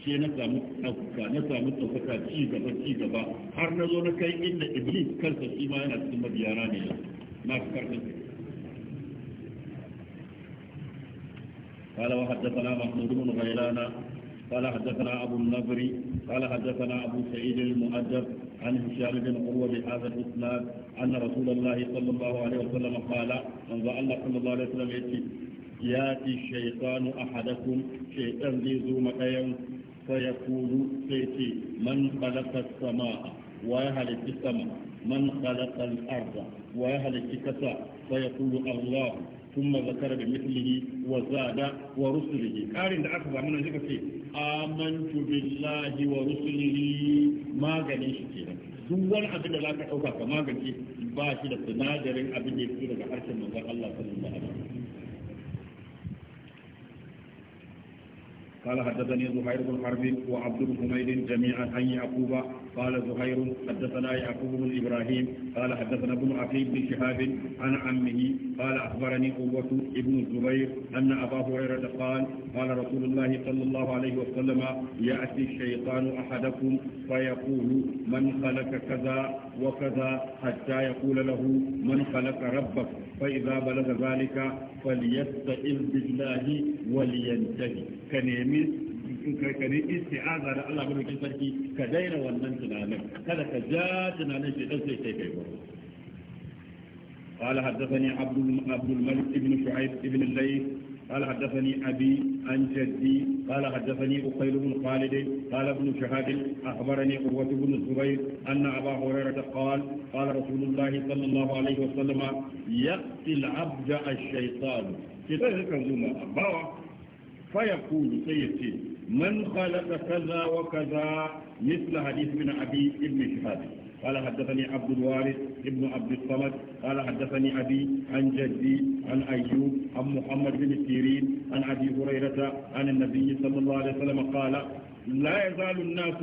sai na samu ɗaukaka na samu ɗaukaka ci gaba ci gaba har na zo na kai inda iblis kansa shi ma yana cikin mabiyana ne na fi karfin قال وحدثنا محمود بن غيلان قال حدثنا أبو النضر قال حدثنا أبو سعيد المؤدب عن هشام بن عروة بهذا الإسناد أن رسول الله صلى الله عليه وسلم قال من الله صلى الله عليه وسلم يأتي يأتي الشيطان أحدكم شيطان ذي زوم فيقول سيتي من خلق السماء ويهلك السماء من خلق الأرض ويهلك الكسى فيقول الله ثم ذكر بمثله وزاد ورسله قارن da aka samu nan suka ce amantu wa rusulihi maganin shi kenan duk wani abin da zaka ɗauka ka magance ba shi da sinadarin abin da yake daga harshen manzon Allah sallallahu قال حدثني زهير بن حرب وعبد الحميد جميعا عن يعقوب قال زهير حدثنا يعقوب بن ابراهيم قال حدثنا ابن اخي بن شهاب عن عمه قال اخبرني قوه ابن الزبير ان ابا هريره قال قال رسول الله صلى الله عليه وسلم ياتي الشيطان احدكم فيقول من خلق كذا وكذا حتى يقول له من خلق ربك فإذا بلغ ذلك فليستعذ بالله ولينتهي كنيمين ka ne isti'aza da Allah madaukin sarki ka daina wannan tunanin kada ka ja tunanin shi dan sai kai ba قال حدثني عبد عبد الملك بن شعيب بن الليث قال حدثني أبي عن جدي قال حدثني أقيل بن خالد قال ابن شهاد أخبرني قوة بن الزبير أن أبا هريرة قال قال رسول الله صلى الله عليه وسلم يقتل العبد الشيطان كذلك زما أبا فيقول سيدي من خلق كذا وكذا مثل حديث من أبي ابن شهاد قال حدثني عبد الوارث ابن عبد الصمد قال حدثني أبي عن جدي عن أيوب عن محمد بن سيرين عن أبي هريرة عن النبي صلى الله عليه وسلم قال لا يزال الناس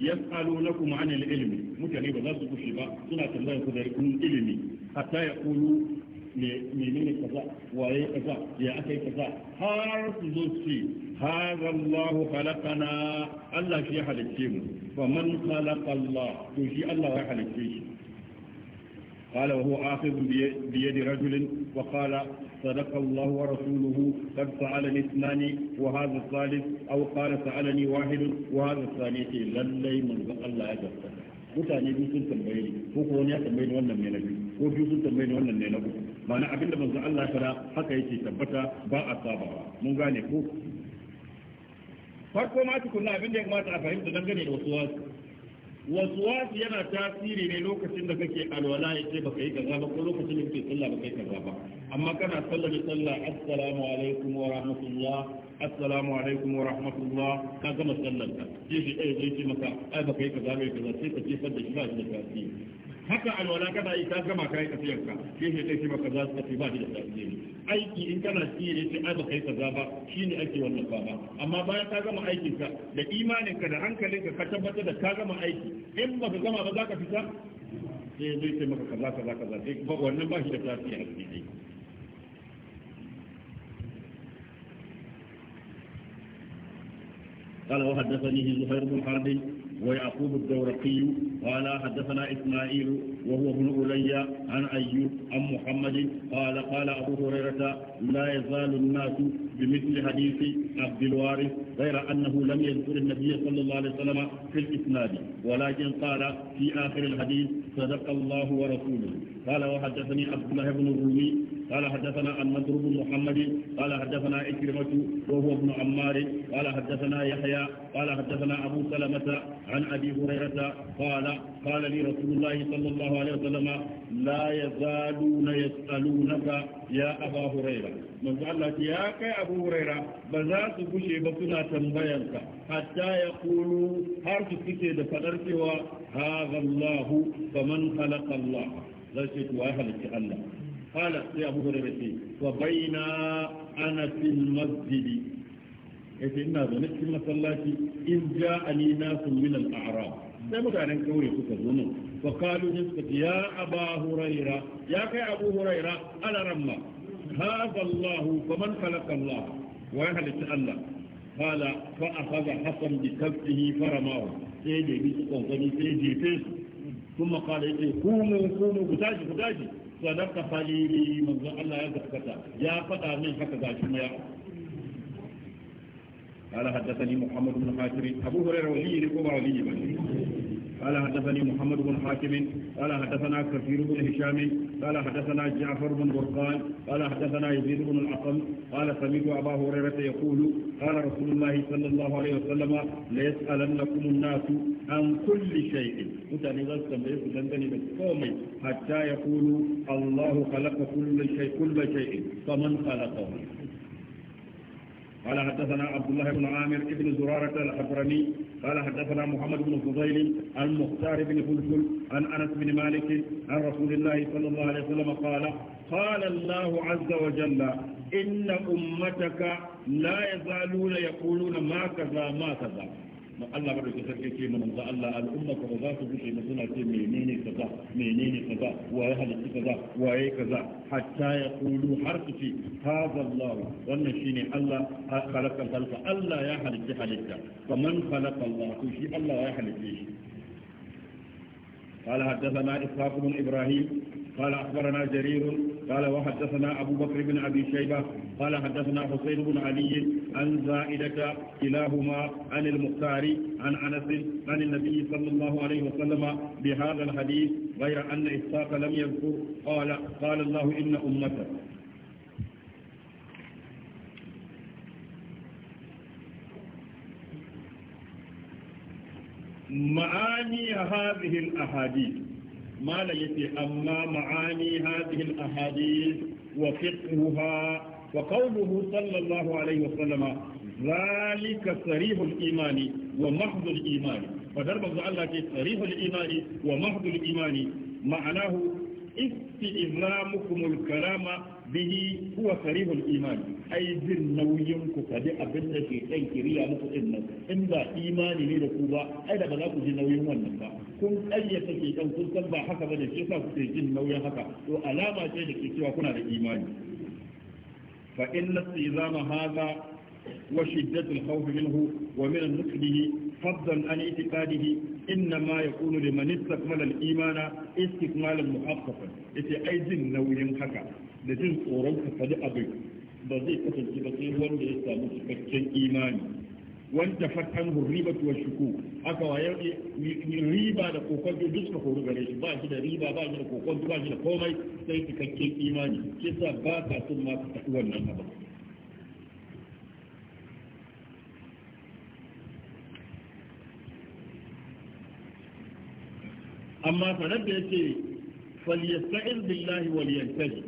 يسألونكم عن العلم متعني بذلك الشباب سنة الله يقدركم علمي حتى يقولوا menene kaza waye kaza ya akai kaza har su zo su hadha Allah khalaqana Allah shi ya halicce mu fa man khalaqa Allah to shi Allah ya halicce shi قال وهو آخذ بيد رجل وقال صدق الله ورسوله قد سألني اثنان وهذا الثالث أو قال سألني واحد وهذا الثالث للي من الله أجبت mutane biyu sun tambaye ni ko ko wani ya tambaye ni wannan ne na biyu ko biyu sun ni wannan ne na ma'ana abinda manzo Allah ya fara haka yake tabbata ba a sabawa mun gane ko farko ma tukunna abinda ya kamata a fahimta dangane da wasu wasu wasu yana tasiri ne lokacin da kake alwala ya ce baka yi kaza ba ko lokacin da kake sallah baka yi kaza ba amma kana sallar sallah assalamu alaikum wa rahmatullah assalamu alaikum wa rahmatullah ka gama sallar ka sai shi ɗaya eh, zai ce maka ai baka yi kaza ba kaza sai ka jefar da shi ba shi da tasiri haka alwala kana yi ta gama kai tafiyar ka shi kai sai maka za su tafi ba da tafiye aiki in kana shi ne sai ai baka yi kaza ba shine ake wannan ba amma bayan ka gama aikin ka da imanin ka da hankalin ka ka tabbatar da ka gama aiki in baka gama ba za ka fita sai zai sai maka kaza kaza kaza sai ba wannan ba shi da tafiya a cikin aiki قال وحدثني زهير بن حرب ويعقوب الدورقي قال حدثنا إسماعيل وهو ابن أولي عن أيوب عن محمد قال قال أبو هريرة لا يزال الناس بمثل حديث عبد الوارث غير أنه لم يذكر النبي صلى الله عليه وسلم في الإسناد ولكن قال في آخر الحديث صدق الله ورسوله قال وحدثني عبد الله بن الرومي قال حدثنا عن مضرب محمد قال حدثنا إكرمة وهو ابن عمار قال حدثنا يحيى قال حدثنا أبو سلمة عن أبي هريرة قال قال لي رسول الله صلى الله عليه وسلم لا يزالون يسألونك ya abu huraira manzo Allah ya kai abu huraira ba za su gushe ba suna tambayanka hatta ya kulu har su suke da fadar cewa hadha Allah faman khalaqa Allah zai ce to ai halitta Allah qala sai abu huraira ce wa baina ana fil masjid yace ina zaune cikin masallaci in ja'ani nasu min al-a'rab sai mutanen kauye suka zo nan فقالوا نسكت يا أبا هريرة يا كي أبو هريرة على رمى هذا الله فمن خلق الله ويهلك الله قال فأخذ حسن بكفه فرماه سيدي بيسقون فني سيدي فيس ثم قال إيه قوموا قوموا بتاجي بتاجي صدق خليلي من الله يذكرك يا فتى من حكى يا قال حدثني محمد بن حاتم أبو هريرة ولي لكم ولي بني قال حدثني محمد بن حاكم قال حدثنا كثير بن هشام قال حدثنا جعفر بن برقان قال حدثنا يزيد بن العقم قال سمعت أبا هريرة يقول قال رسول الله صلى الله عليه وسلم ليسألنكم الناس عن كل شيء متى نزلتم سمعت دندني بالقوم حتى يقولوا الله خلق كل شيء كل شيء فمن خلقه قال حدثنا عبد الله بن عامر بن زرارة الحبرمي قال حدثنا محمد بن فضيل عن مختار بن فلفل عن أنس بن مالك عن رسول الله صلى الله عليه وسلم قال قال الله عز وجل إن أمتك لا يزالون يقولون ما كذا ما كذا ma Allah ba da sarki ce da Allah al'umma ko za su bushe na suna ce menene kaza menene kaza waye halitta kaza waye kaza hatta ya kulu har su ce Allah wannan shine Allah khalaqa halka Allah ya halitta halitta Allah to shi Allah ya halitta shi قال حدثنا إسحاق بن إبراهيم قال أخبرنا جرير قال وحدثنا أبو بكر بن أبي شيبة قال حدثنا حسين بن علي عن زائدة كلاهما عن المختار عن أنس عن النبي صلى الله عليه وسلم بهذا الحديث غير أن إسحاق لم يذكر قال قال الله إن أمته معاني هذه الأحاديث malam yace amma ma'ani hadhihi al-ahadith wa fiqhuha wa qawluhu sallallahu alaihi wa sallama ذلك صريح الإيمان ومحض الإيمان فدرب الله imani wa ومحض imani ma'anahu. isti'mamukumul kalama bihi huwa karihul iman ai jin nauyin ku kadi abin da ke kan kiriya muku din nan in ba imani ne da ku ba ai ba za ku ji nauyin wannan ba kun kayyata ke kan kun san ba haka bane shi yasa kuke jin nauyin haka to alama ce da ke kuna da imani fa inna istizama hadha وشدة الخوف منه ومن نقله فضلا عن اعتقاده انما يكون لمن استكمل الايمان استكمالا محققا yace ai jin nauyin haka da jin tsoron ka faɗi abin ba zai kasance ba sai wanda ya samu cikakken imani wanda fatan riba wa shuku aka waye riba da kokon duk suka koru gare shi ba shi da riba ba shi da kokon ba komai sai cikakken imani kisa ba ka sun ma ka wannan amma sanar da yake falyasta'in billahi wal yantaji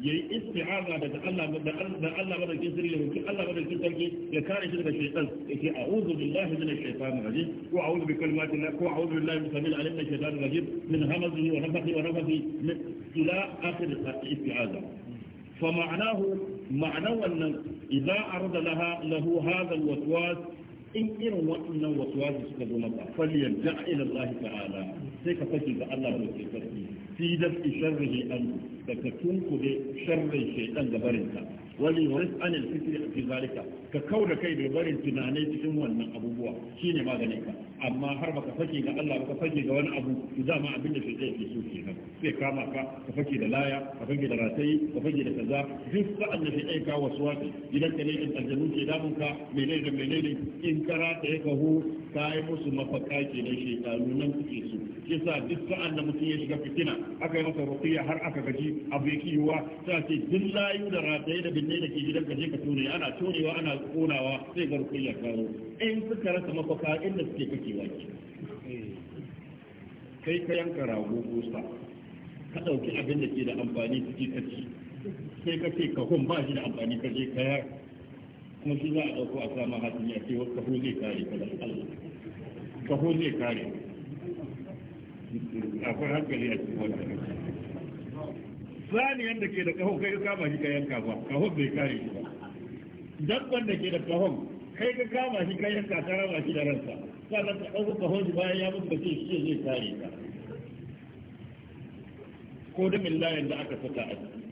yayi isti'aza daga Allah da Allah madaukin sirri ya Allah madaukin sarki ya kare shi daga shaytan yake a'udhu billahi minash shaitanir rajim wa a'udhu bi kalimati la ko a'udhu billahi min samil alim minash shaitanir rajim min hamazihi wa nafthihi wa nafthihi ila akhir isti'aza فمعناه معنى أن إذا أرد لها له هذا الوسواس إن إن وإن وسواس سكذو مطع فليرجع إلى الله تعالى sai ka saki ga Allah ke sarki fi dafi sharri an daga tunkude sharri shaytan da barinta wani yuris an al fikri fi zalika ka kauda kai da barin tunanai cikin wannan abubuwa shine maganin ka amma har baka fake ga Allah baka fake ga wani abu to ma abin da shaytan yake so kenan sai kama ka ka fake da laya ka fake da ratayi ka fake da kaza duk sa'an da shaytan wasu waswasi idan ka ne da aljannu ke damun ka menene da menene in kara da ka hu kai musu mafaka ke da shaytanu nan kuke so sa duk sa'an da mutum ya shiga fitina aka yi masa rukiya har aka gaji abu yake yiwa Ta ce duk layu da rataye da binne da ke gidan ka je ka tone ana tonewa ana konawa sai ga rukiya kawo in suka rasa mafaka inda suke kakewa ke kai ka yanka rago ko sa ka dauki abin da ke da amfani ciki kaci sai ka ce ka kun ba shi da amfani ka je ka yar. kuma shi za a dauko a sama hatimi a ce wasu kaho zai kare ka da Allah kaho zai kare akwai hankali a cikin wannan sani yadda ke da kaho kai ka kama shi ka yanka ba kahon bai kare shi ba dabban da ke da kahon kai ka kama shi ka yanka ka raba shi da ransa sannan ka ɗauko kahon shi bayan ya mutu ba ce shi zai kare ka ko da min millayen da aka saka a ciki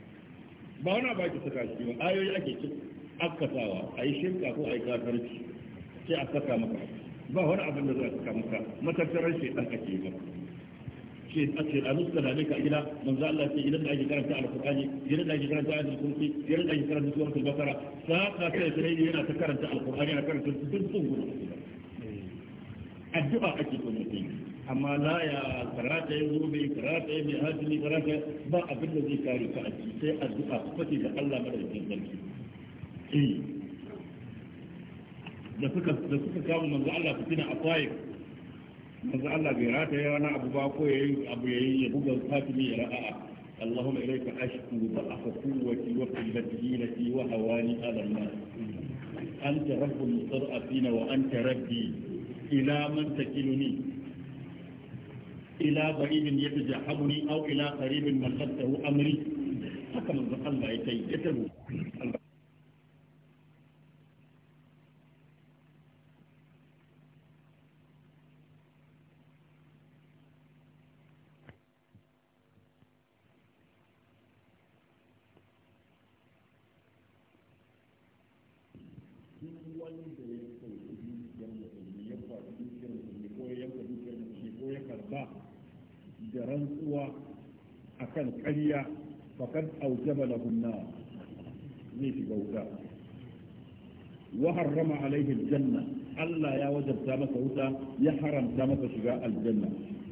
ba wani ba ki saka shi ba ayoyi ake ci akkasawa a yi shirka ko a yi kafarci sai a saka maka ba wani abin da za a saka maka matattarar ɗan ake yi maka shi a ce a nuska da ka gida manzo Allah ce idan da ake karanta alqur'ani idan da ake karanta ayatul kursi idan da ake karanta suratul bakara sa ka sai sai yana ta karanta alqur'ani yana karanta duk sun gudu addu'a ake kuma yi amma la ya karata ya zo bai karata ya mai hajji karata ba abin da zai kare ka a ciki sai addu'a kwace da Allah madaukakin sarki eh. da suka da suka samu manzo Allah fitina a fayil manzo Allah bai rata ya wani abu ba ko yayi ya buga fatimi ya ra'a Allahumma ilayka ashku ya da rantsuwa akan ƙarya faqad aujaba lahum nar zai fi bauta. wa harrama alaihi aljanna Allah ya wajabta masa wuta ya haramta masa shiga aljanna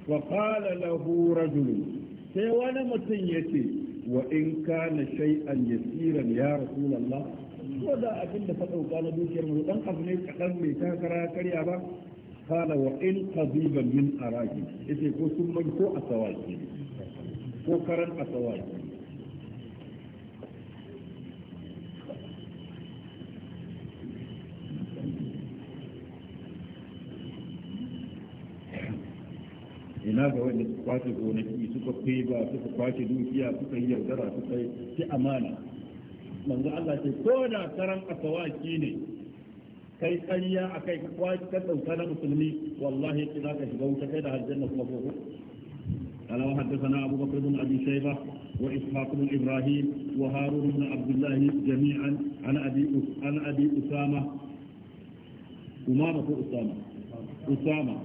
wa qala lahu rajul sai wani mutum yace wa in kana shay'an yasiran ya rasulullah ko da abin da ka dauka na dukiyar mu dan abu ne kadan mai takara karya ba قال وإن قضيبا من أراكي إذا كو ثم كو أسواكي كو كرن أسواكي ina ga wanda suka kwace gonaki suka kai ba suka kwace dukiya suka yi yaudara suka yi amana manzo Allah ce ko da karan asawaki ne kai karya a kai kwa ta tsauta na musulmi wallahi ki za ka shiga wuta kai da harjan na kuma koko alawa haddasa na abubakar bin abin shaiba wa ishaq bin ibrahim wa harun bin abdullahi jami'an an abi usama umama ko usama usama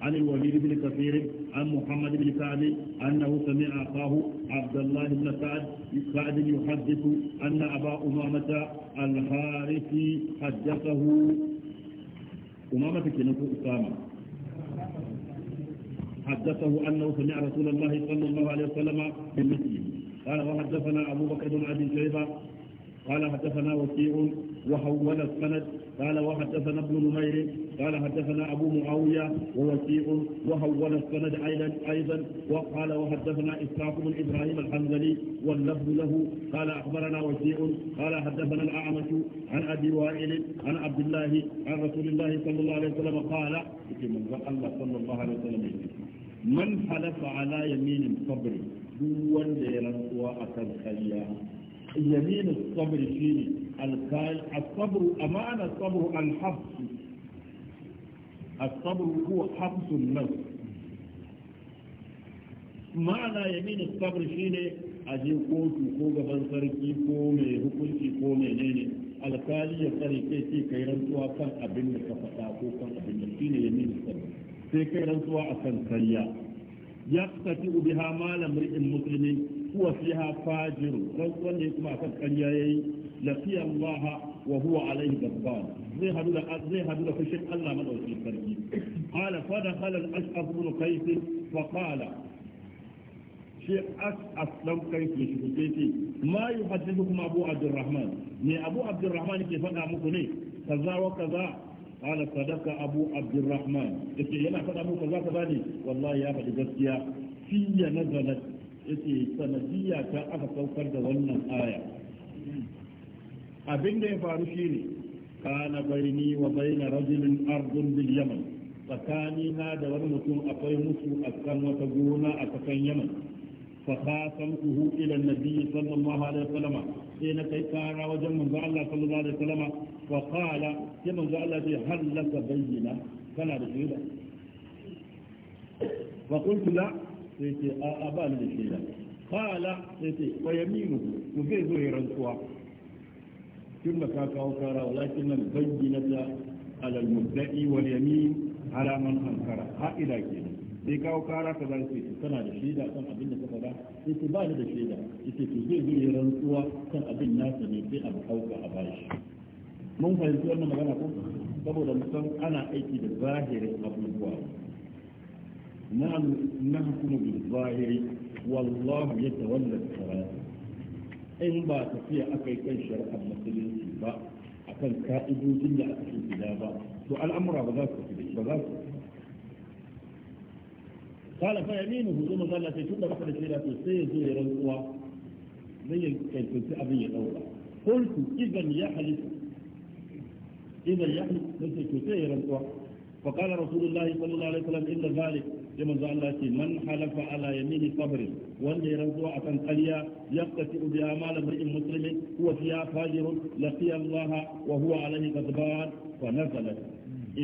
عن الوليد بن كثير عن محمد بن سعد انه عبد الله بن سعد سعد يحدث أن أبا أمامة الحارثي حدثه أمامة كنكو أسامة حدثه أنه سمع رسول الله صلى الله عليه وسلم بمثله قال وحدثنا أبو بكر بن أبي شيبة قال حدثنا وكيع وحول السند قال وحدثنا ابن نمير قال حدثنا ابو معاويه ووكيع وحول السند ايضا ايضا وقال وحدثنا اسحاق بن ابراهيم الحنظلي واللفظ له قال اخبرنا وكيع قال حدثنا الاعمش عن ابي وائل عن عبد الله عن رسول الله صلى الله عليه وسلم قال من الله صلى الله عليه وسلم من حلف على يمين الصبر دون ديرا اكل الخليه يمين الصبر فيه الصبر أمانة الصبر الحبس الصبر هو حبس النفس معنى يمين الصبر فيه aje kotu ko gaban sarki ko mai hukunci ko menene alkali ya tsare kai ce kai rantsuwa kan abin da ko kan abin da shine yamin sabbi sai kai rantsuwa akan karya yaqtati biha mal mar'in muslimin huwa fiha fajir ran wanda ya kuma kan kanya yayi lafiya Allah wa huwa alaihi gabban zai hadu da zai hadu da fushin Allah madaukakin sarki qala fa dakhala al-ashab ibn qais fa qala shi aslan dan ke shi kuke ce ma yuhaddithukum abu abdurrahman ne abu abdurrahman ke faɗa muku ne kaza wa kaza قال صدق أبو عبد الرحمن يتي ينا فدا مو كذا كذا والله يا فدي غسيا في نزلت يتي سندية تا aka saukar da wannan aya abin da ya faru shine kana baini wa baina rajulin ardun bil yaman tsakani na da wani mutum akwai musu a kan wata gona a kasan yaman فخاصمته الى النبي صلى الله عليه وسلم حين كيكارا وجن من الله صلى الله عليه وسلم وقال كما جاء الذي هل لك بينة كان بشيرة وقلت لا سيتي أبان بشيرة قال سيتي ويمينه وفيه ظهر الكوى ثم كاكا وكارا ولكن البينة على المبدأ واليمين على من أنكر ها كده كينا kawo وكارا كذلك zai ce tana da shaida kan abin da kafa ba sai ce ba ni da shaida sai ce mun fahimci wannan magana ko saboda musan ana aiki da zahirin abubuwa nahnu nahkumu bil zahiri wallahu yatawalla al-saraya in ba tafiya akai kan shari'ar musulunci ba akan ka'idojin da aka shirya ba to al'amura ba za su tafi ba za su قال فيمينه ثم قال لك تunda baka da shaida to sai yazo ya rantsuwa zai kai tuntu abin ya daura qultu idan ya halifu إذا يحلف نسي كتير رنطوة فقال رسول الله صلى الله عليه وسلم إلا ذلك لما زال الله من حلف على يمين قبر والذي رنطوة أتن قليا يقتئ بها مال امرئ مسلم هو فيها فاجر لقي الله وهو عليه غضبان فنزلت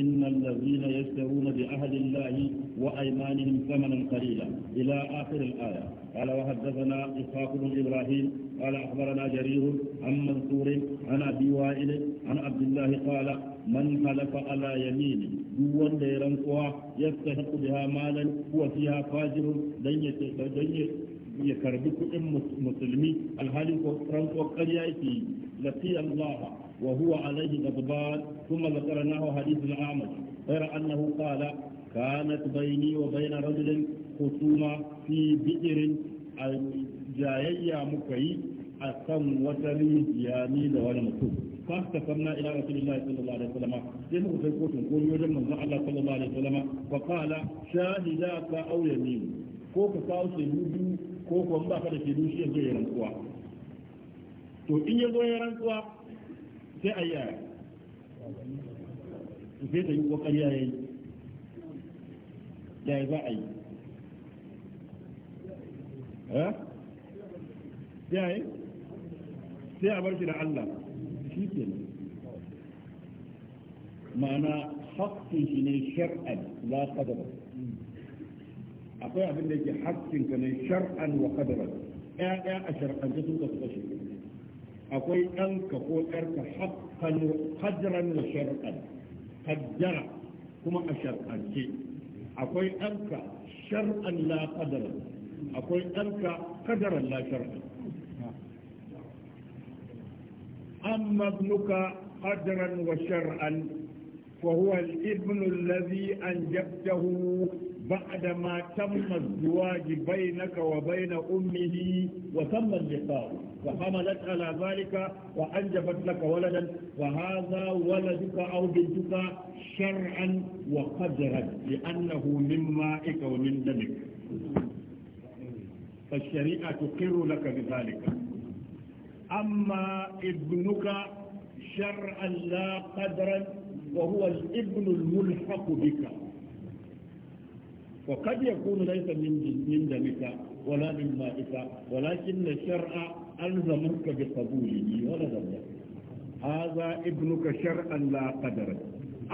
إن الذين يشترون بعهد الله وأيمانهم ثمنا قليلا إلى آخر الآية قال وحدثنا إسحاق بن إبراهيم قال أخبرنا جرير عن منصور عن أبي وائل عن عبد الله قال من حلف على يمين دوا ليرنقها يستحق بها مالا هو فيها فاجر لن يتدين ya karbi kuɗin musulmi alhalin ko ranko ƙarya yake lafi Allah wa huwa alaihi gadbar kuma zakara nahu hadith na amal ira annahu qala kanat wa bayna rajulin kusuma fi bi'irin a jayayya muka yi a kan wata rijiya ni da wani mutum fasta sanna ila rasulullahi sallallahu alaihi wasallam sai muka kai kotun koli wajen manzo Allah sallallahu alaihi wasallam fa qala ka aw yamin ko ka kawo shedu biyu ko ko ba ka da shi dushi ya rantsuwa to in yazo ya rantsuwa sai ayya sai ta yi kokari yayi da za a yi yayi sai a bar shi da Allah shi ke ma'ana haƙƙin shi ne shar'an la qadara akwai abin da yake haƙƙin ka ne shar'an wa qadara ƴaƴa a shar'ance sun ka suka shi akwai ɗanka ko ɗarka haƙƙan qadran wa shar'an qaddara kuma a shar'ance akwai ɗanka shar'an la qadara أقول akwai ɗanka kadaran lafiyar أما ابنك قدرا وشرعا فهو الابن الذي أنجبته بعدما تم الزواج بينك وبين أمه وتم اللقاء وحملت على ذلك وأنجبت لك ولدا وهذا ولدك أو بنتك شرعا وقدرا لأنه من مائك ومن دمك فالشريعة تقر لك بذلك أما ابنك شرعا لا قدرا وهو الابن الملحق بك وقد يكون ليس من دمك ولا من مائك ولكن الشرع ألزمك بقبوله ولا ذلك هذا ابنك شرعا لا قدرا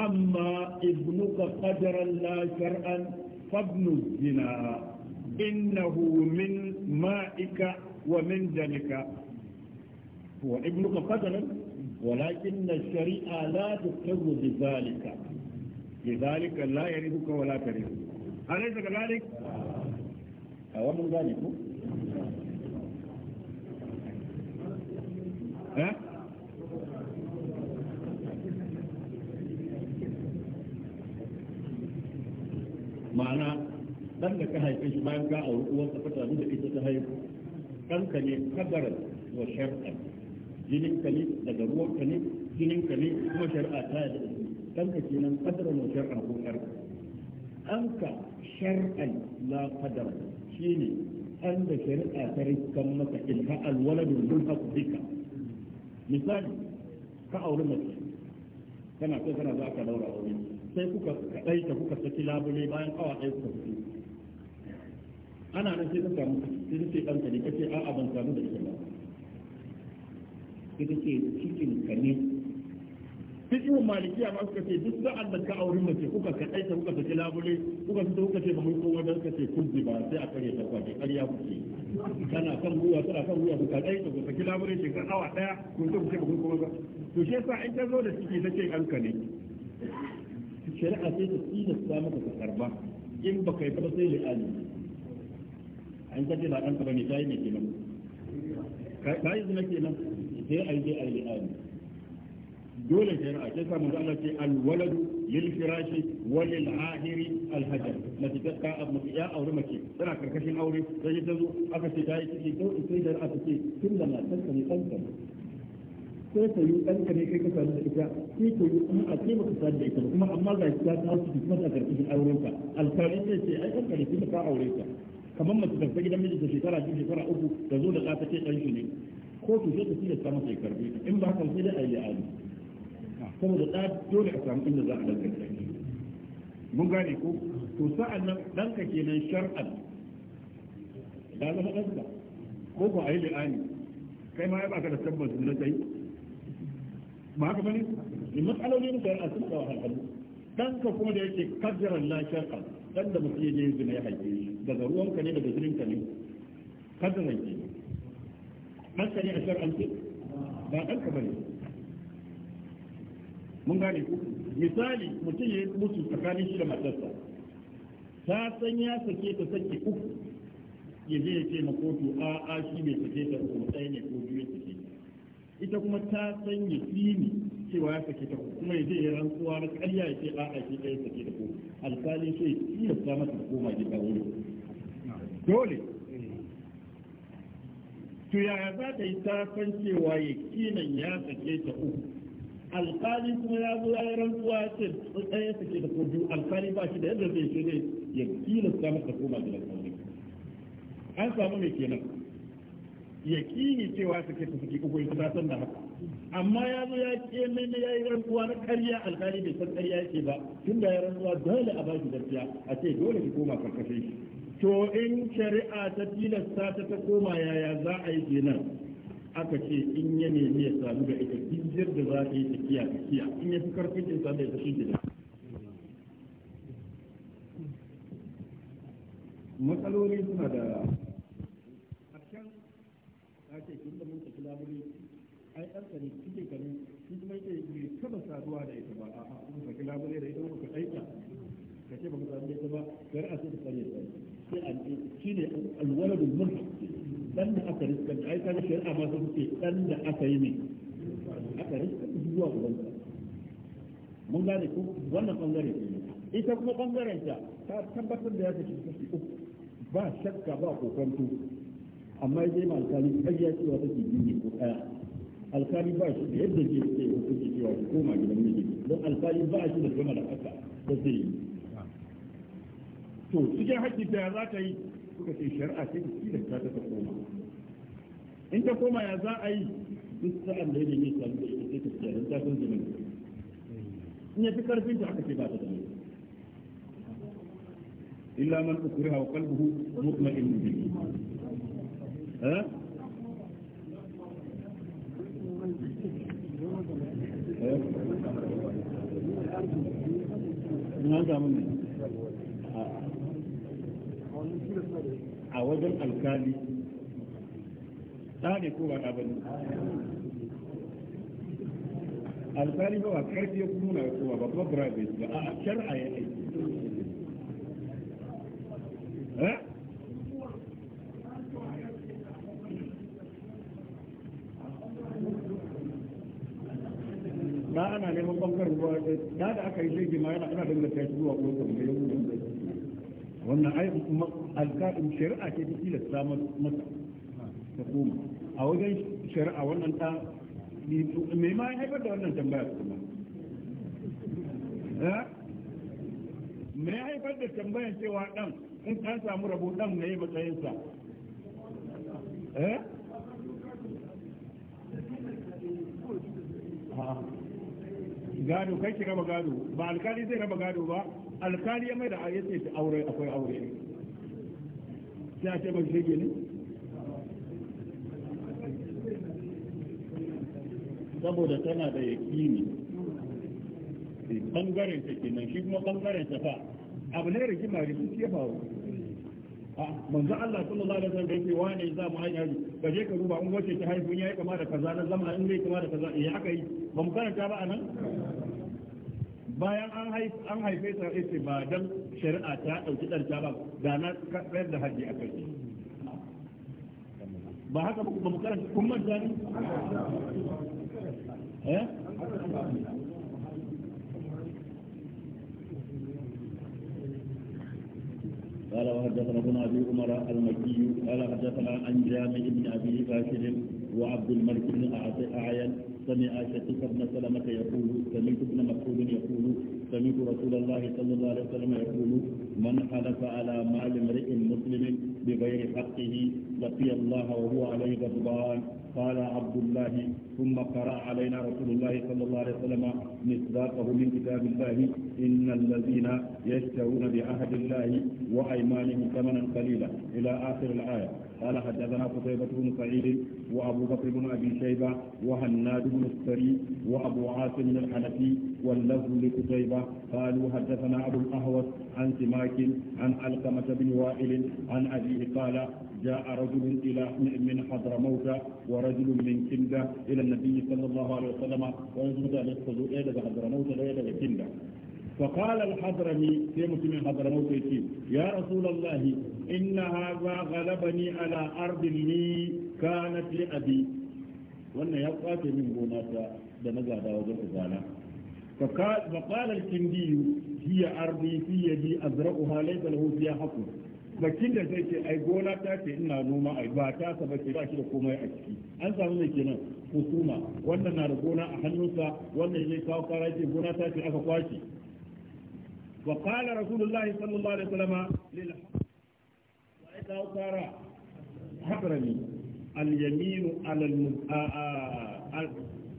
أما ابنك قدرا لا شرعا فابن الزنا innahu min ma'ika wa min danika wa ibnuka qatalan ولكن الشريعة لا تقر بذلك لذلك لا يردك ولا تريدك أليس كذلك؟ أو من ذلك؟ ها؟ معنى dan da ka haife shi bayan ka auri uwansa ka tabi da ita ta haihu ɗanka ne kabaran wa shar'an jinin ka ne daga ruwan ka ne jinin ka ne kuma shar'a ta yi ɗanka kenan kabaran wa shar'an ko an ka shar'an la kadar shi ne an da shari'a ta rikan maka ilha alwaladun dun haku bika misali ka auri mace kana so kana za ka daura aure sai kuka kaɗaita kuka saki labule bayan awa ɗaya kuka fito ana nan sai ta samu sai ta ce ɗanka ne kace a'a ban samu da ita ba sai ta ce cikin ka ne cikin malikiya ma suka ce duk sa'an da ka auri mace kuka ka aita kuka saki labule kuka fito kuka ce ba mun kowa dan kace kun ji ba sai a kare ta kwaje ƙarya ce kana kan ruwa kana kan ruwa kuka aita kuka saki labule ce ka awa daya kun ji ce ba mun kowa ba to shi yasa in ta zo da ciki ta ce an ne shari'a sai ta tilasta maka ka karba in ba kai ba sai li'ani an kace ba ɗanka ba ne ta yi ne kenan ka yi zina kenan sai a yi a yi ali dole shari'a ce sa manzo Allah ce alwaladu lil firashi wa lil ahiri al hajar mace ta ka abu ya aure mace tana karkashin aure sai ta zo aka ce ta yi ciki ko sai da aka ce tun da matar ka ne ɗanka sai ka yi ɗanka ne kai ka sadu da ita sai ka yi kuma a ce baka sadu da ita kuma amma ga ta ta ciki kuma ta karkashin aurenka alƙalin sai ce ai ɗanka ne kuma ka aure ta kamar mace ta gidan miji da shekara biyu shekara uku ta zo da ɗa ta ce ɗan ne ko to sai ta tilasta masa ya karbe in ba haka sai dai a yi ali da ɗa dole a samu inda za a danganta mun gane ko to sa'an nan ɗanka kenan shar'an da zama ɗanka ko ko a yi li'ani kai ma ya ka da tabbas na sai ba haka bane in matsaloli ne yi a sun da wahalhalu ɗanka kuma da yake kajjaran na shar'an dan da mutum yaje je zina ya haife shi daga ruwanka ne daga ka ne kada zai ke ɗanka ne a ce ba dan ba ne mun gane ku misali mutum ya yi mutu tsakanin shi da matarsa ta san ya sake ta sake uku ya je ya ce ma kotu a a shi bai sake ta ko ɗaya ne ko biyu ya sake ita kuma ta san ya fi cewa ya sake ta kuma ya zai ya rantsuwa na karya ya ce a'a shi ɗaya sake ta ko alfali sai ya sa masa koma ta wuri dole to yaya za ta yi ta san cewa ya kinan ya sake ta uku alfali kuma ya zo ya rantsuwa ya ce ɗaya sake ta ko biyu alfali ba shi da yadda zai ce ne ya tilasta masa koma gidan wuri an samu mai kenan ya kini cewa suke ta sake uku ya ta san da haka amma ya zo ya ce mini ya yi rantsuwa na karya alkali bai san karya yake ba tun da ya rantsuwa dole a bashi gaskiya a ce dole ki koma karkashin shi to in shari'a ta tilasta ta ta koma yaya za a yi kenan aka ce in ya nemi ya samu da ita jinjir da za ta yi tafiya tafiya in ya fi karfin jinsa da ya tafi gida matsaloli suna da a can ta ce kin da mun tafi labirin ai ɗan tsare kike gani shi kuma yake mai taba saduwa da ita ba a'a kuma ka kila bare da ita ko ka aika ka ce ba samu da ita ba gari a cikin tsari ta sai an shi ne da mulk dan da aka riska ai ka shari'a ma sai ce ɗan da aka yi ne aka riska zuwa ubanka mun gane ko wannan bangare ita kuma bangaren ta ta tabbatar da ya ta kashi kashi uku ba shakka ba kokonto amma zai ma alkali kai ya ce wa take biyu ko ɗaya alkali ba shi da yadda ke ce hukunci cewa ku koma gidan miji don alkali ba shi da gama da haka da zai yi to cikin haƙƙi da za ta yi suka ce shari'a ce ki da ta ta koma in ta koma ya za a yi duk sa'an da yake ne ta da ita ta ce ta san zaman in ya fi karfin ta haka ce ba ta da mai illa man ukriha wa qalbuhu mutma'innun bihi eh? ha a wajen alkali tsari ko ba alkali ba karfi ya kuma na kowa ba kuma ba a shar'a ya aiki eh? neman bangaren ruwa da da aka yi zai ma yana ana da ta shi zuwa kuma ko yau da yahudu wannan ai alƙa'in shari'a ce ta kila tilasta masa ta koma a wajen shari'a wannan ta mai ma ya haifar da wannan tambaya kuma eh? me ya haifar da tambayan cewa dan in an samu rabo dan ne matsayinsa eh gado kai ki raba gado ba alkali zai raba gado ba alkali ya mai da ya ce aure akwai aure sai a ce ba shi ne saboda tana da yakini bangaren eh, ta kenan shi kuma bangaren ta fa abu ne rigima rikici ya a manzo Allah sallallahu alaihi wasallam yake wane za mu hanya ka je ka duba in wace ta ya yayi kama da kaza na zama in zai kama da kaza eh aka yi ba mu karanta ba anan bayan an haife ta ita ba dan shari'a ta dauki danta ba da na tsayar da haji a kai ba haka ba mu karanta kun manta ne eh قال وحدثنا ابن ابي عمر المكي قال حدثنا عن جامع بن ابي باشر وعبد الملك بن اعين سمع شقيق بن سلمة يقول سمعت ابن مسعود يقول سمعت رسول الله صلى الله عليه وسلم يقول من حلف على مال امرئ مسلم بغير حقه لقي الله وهو عليه غضبان قال عبد الله ثم قرأ علينا رسول الله صلى الله عليه وسلم مصداقه من كتاب الله إن الذين يشترون بعهد الله وأيمانهم ثمنا قليلا إلى آخر الآية قال حدثنا قتيبة بن سعيد وأبو بكر بن أبي شيبة وهناد بن السري وأبو عاصم الحنفي واللفظ لقتيبة قالوا حدثنا أبو الأهوس عن سماك عن علقمة بن وائل عن أبيه قال جاء رجل إلى من حضرموت ورجل من كندة إلى النبي صلى الله عليه وسلم ويجوز أن يقصدوا إلى حضرموت لا إلى كندة فقال الحضرمي في مسلم حضرموت يا رسول الله إن هذا غلبني على أرض لي كانت لأبي wannan ya kwace min gona ta da na gada wajen ubana فقال الكندي هي أرضي في يدي أزرعها ليس له فيها حق bakin da zai ce ai gona ta ce ina noma ai ba ta saba ce ba shi da komai a ciki an samu ne kenan husuma wannan na da gona a hannunsa wannan zai kawo kara ce gona ta ce aka kwace wa qala rasulullahi sallallahu alaihi wasallam lil haq wa ai kawo kara hadrami اليمين على الم...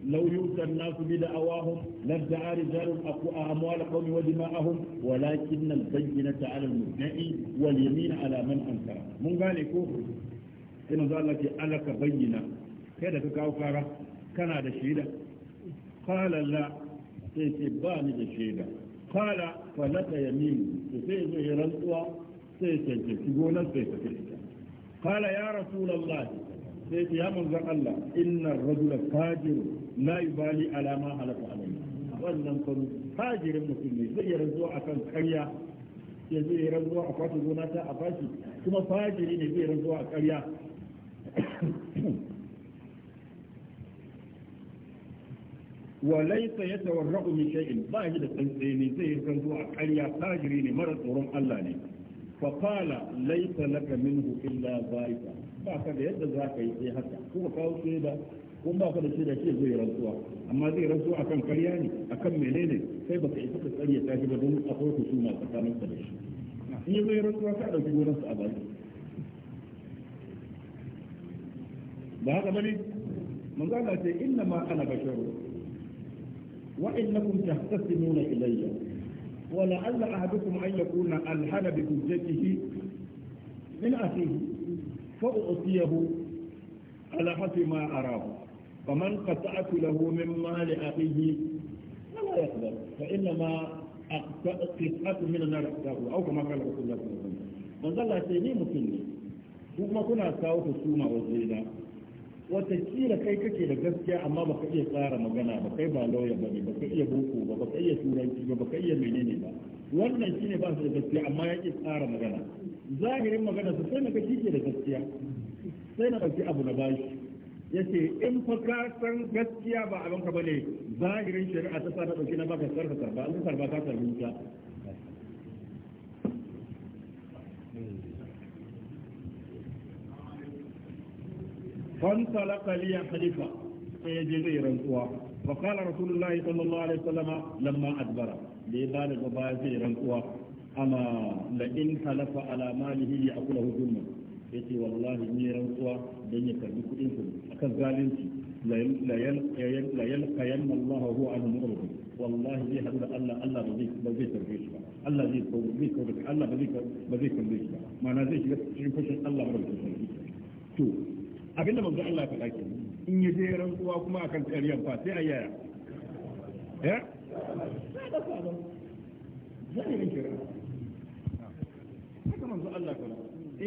لو يؤتى الناس بدعواهم لادعى رجال اموال قوم ودماءهم ولكن البينة على المدعي واليمين على من انكر من قال يكون ان ذلك الك بينة كذا كاوكارا كان هذا شهيدا قال لا سيتباني ده شهيدا قال فلك يمين سيزو يرنطوا سيتباني قال يا رسول الله sai ya manzon Allah inna rajula fajir la yubali ala ma halaka alayhi wannan kan fajirin mutum ne zai rantsuwa akan karya ya zai rantsuwa a kwace gona ta a fashi kuma fajiri ne zai rantsuwa a karya وليس ne zai شيء باهد a karya. الكنزوع ne تاجريني tsoron Allah ne. Fa فقال ليس لك منه إلا ذلك ba ka da yadda za ka yi sai haka ko ka kawo shaida ko ba ka da shaida ce zai rantsuwa amma zai rantsuwa akan karya ne akan menene sai ba ka isa ka tsariya ta shi ba don akwai husuma tsakanin ka da shi in ya zai rantsuwa ka dauki gonar sa a baki ba haka bane manzo Allah ce inna ma ana basharu wa innakum tahtasimuna ilayya ولعل an ان يكون الحن بحجته من اخيه فأعطيه على حسب ما أراه فمن قطعت له من مال أخيه فلا يقبل فإنما قطعة من النار أو كما قال رسول الله صلى الله عليه وسلم من ظل سيدي مسلم kuma kuna kawo husuma wajena watakila kai kake da gaskiya amma baka iya tsara magana ba kai ba lauya ba ne baka iya boko ba ka iya turanci ba baka iya menene ba wannan shi ne ba su da gaskiya amma ya ƙi tsara magana zahirin magana su sai na ga shi ke da gaskiya sai na ɗauki abu na bashi ya ce in fa ka san gaskiya ba abin ka bane zahirin shari'a ta sa ta dauki na baka sarfa sarfa an sarfa ka sarfa ta فانطلق لي je zai رنسوا فقال رسول الله صلى الله عليه وسلم لما أدبره da ya bada ba baya zai rantsuwa amma la in halafa ala malihi ya akula hujumma yace wallahi ni rantsuwa dan ya karbi kudin su akan zalunci la yal la yal kayan Allah huwa al-mu'rid wallahi zai hadu da Allah Allah ba zai ba zai karbe shi ba Allah zai ko zai ko Allah ba zai ba zai karbe shi ba ma'ana zai shiga cikin fushin Allah ba zai karbe to abinda manzo Allah ya faɗa kenan in ya je rantsuwa kuma akan tsariyar fa sai ayyaya eh هذا صعب زي من كده حكم الله كده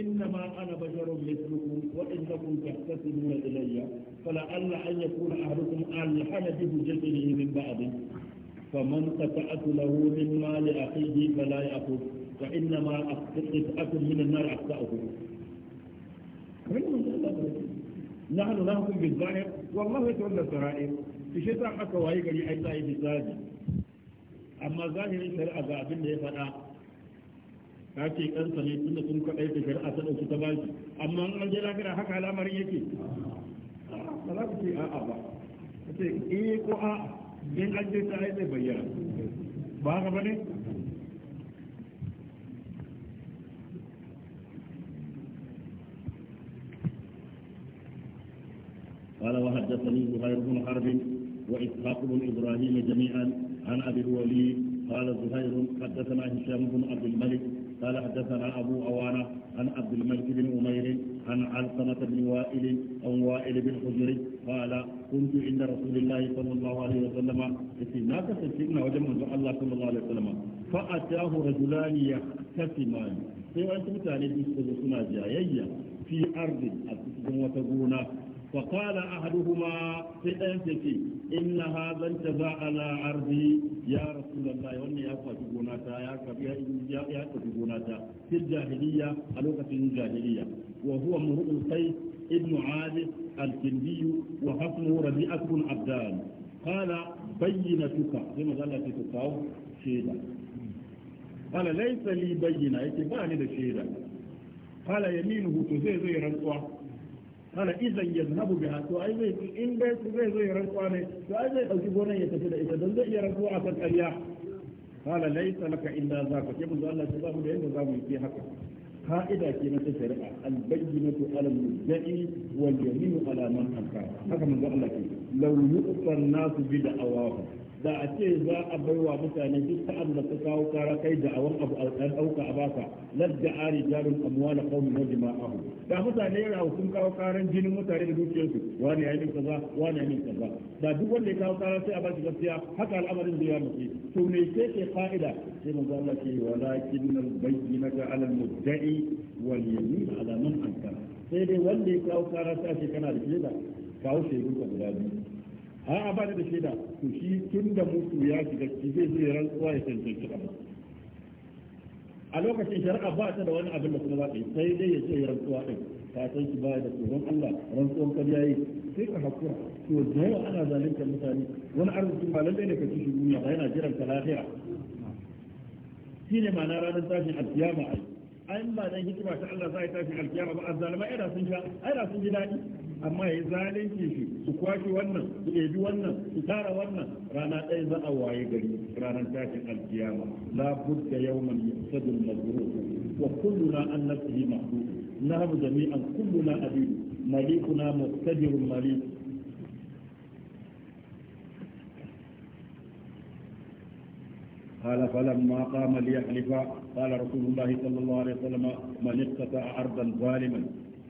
إنما أنا بشر مثلكم وإنكم تحتسبون إلي فلعل أن يكون أحدكم ألحن بحجته من بعد فمن قطعت له من مال أخيه فلا يأخذ فإنما قطعة من النار أخطأه نحن نحكم بالظاهر والله يتولى السرائر في شتاء حكى وهي قال أي لا amma zahirin shari'a ga abin da ya faɗa ka ce kansa ne tunda sun kaɗai da shari'a ta ɗauki ta baki amma an je lafiya haka lamarin yake ba za ku ce a'a ba ka ce eh ko a in an je ta aiki bayyana ba haka ba ne قال وحدثني زهير بن حرب وإسحاق بن إبراهيم جميعا عن أبي الوليد قال زهير حدثنا هشام بن عبد الملك قال حدثنا أبو عوانة عن عبد الملك بن أمير عن علقمة بن وائل أو وائل بن حجر قال كنت عند رسول الله صلى الله عليه وسلم لا تستثنى وجمع الله صلى الله عليه وسلم فأتاه رجلان يختصمان sai wani mutane biyu suka zo suna jayayya fi ardin a cikin wata gona فقال أحدهما في أنفسي إن هذا انتزع على عرضي يا رسول الله وأني يا بوناتا يا أفعل بوناتا في الجاهلية ألوكة الجاهلية وهو مرء القيس ابن عاد الكندي وحكمه ربيعة بن عبدان قال بينتك لما قال لك تقاو شيدا قال ليس لي بينة يتبعني لشيدا قال يمينه تزيزي رنقوه mana izan ya zahabu bi ha to ai zai in dai su zai zo ya rantsuwa ne to ai zai dauki gonan ya tafi da ita don zai iya rantsuwa a kan ƙarya qala laysa laka za zaka ke mun Allah ta zamu da yanda zamu yi haka ka'ida ke na shari'a al-bayyinatu 'ala al-mudda'i wal yaminu 'ala man ankara haka mun Allah ke law yu'ta an-nasu bi da'awahum da a ce za a bai wa mutane duk sa'ad da ka kawo kara kai da awon abu an dauka a baka ladda ari jarun na qaumin wa dima'ahum da mutane yana sun kawo karan jinin mutane da dukiyar su wani ya yi kaza wani ya yi kaza da duk wanda ya kawo kara sai a bashi gaskiya haka al'amarin da ya mutu to me ce ke fa'ida sai manzo Allah ce walakin al-bayyinata 'ala al-mudda'i wal yamin 'ala man ankara sai dai wanda ya kawo kara sai a kana da shaida kawo shaidu ka guda biyu a bani da shaida to shi tun da mutu ya shiga shi zai zai ya rantsuwa ya cancanci abu a lokacin shari'a ba ta da wani abin da kuma za sai dai ya ce ya rantsuwa ɗin ka san shi baya da tsoron Allah rantsuwan kan yayi sai ka hakura to da yawa ana zaluntar mutane wani arzikin ba lallai ne ka ci shi duniya ba yana jiran ka lafiya shine ma'ana ranar tashin alkiyama ai an ba dan hikima ta Allah za a yi tashin alkiyama ba A ai da sun sha ai da sun ji daɗi amma ya yi zalunci shi su kwashe wannan su ebi wannan su tara wannan rana ɗaya za a waye gari ranar tashin alkiyama la budda yawman yasadul mazrur wa kulluna an nafsihi mahdud nahnu jami'an kulluna abid malikuna muqtadirun malik قال فلما قام ليحلف قال رسول الله صلى الله عليه وسلم من اقتطع ارضا ظالما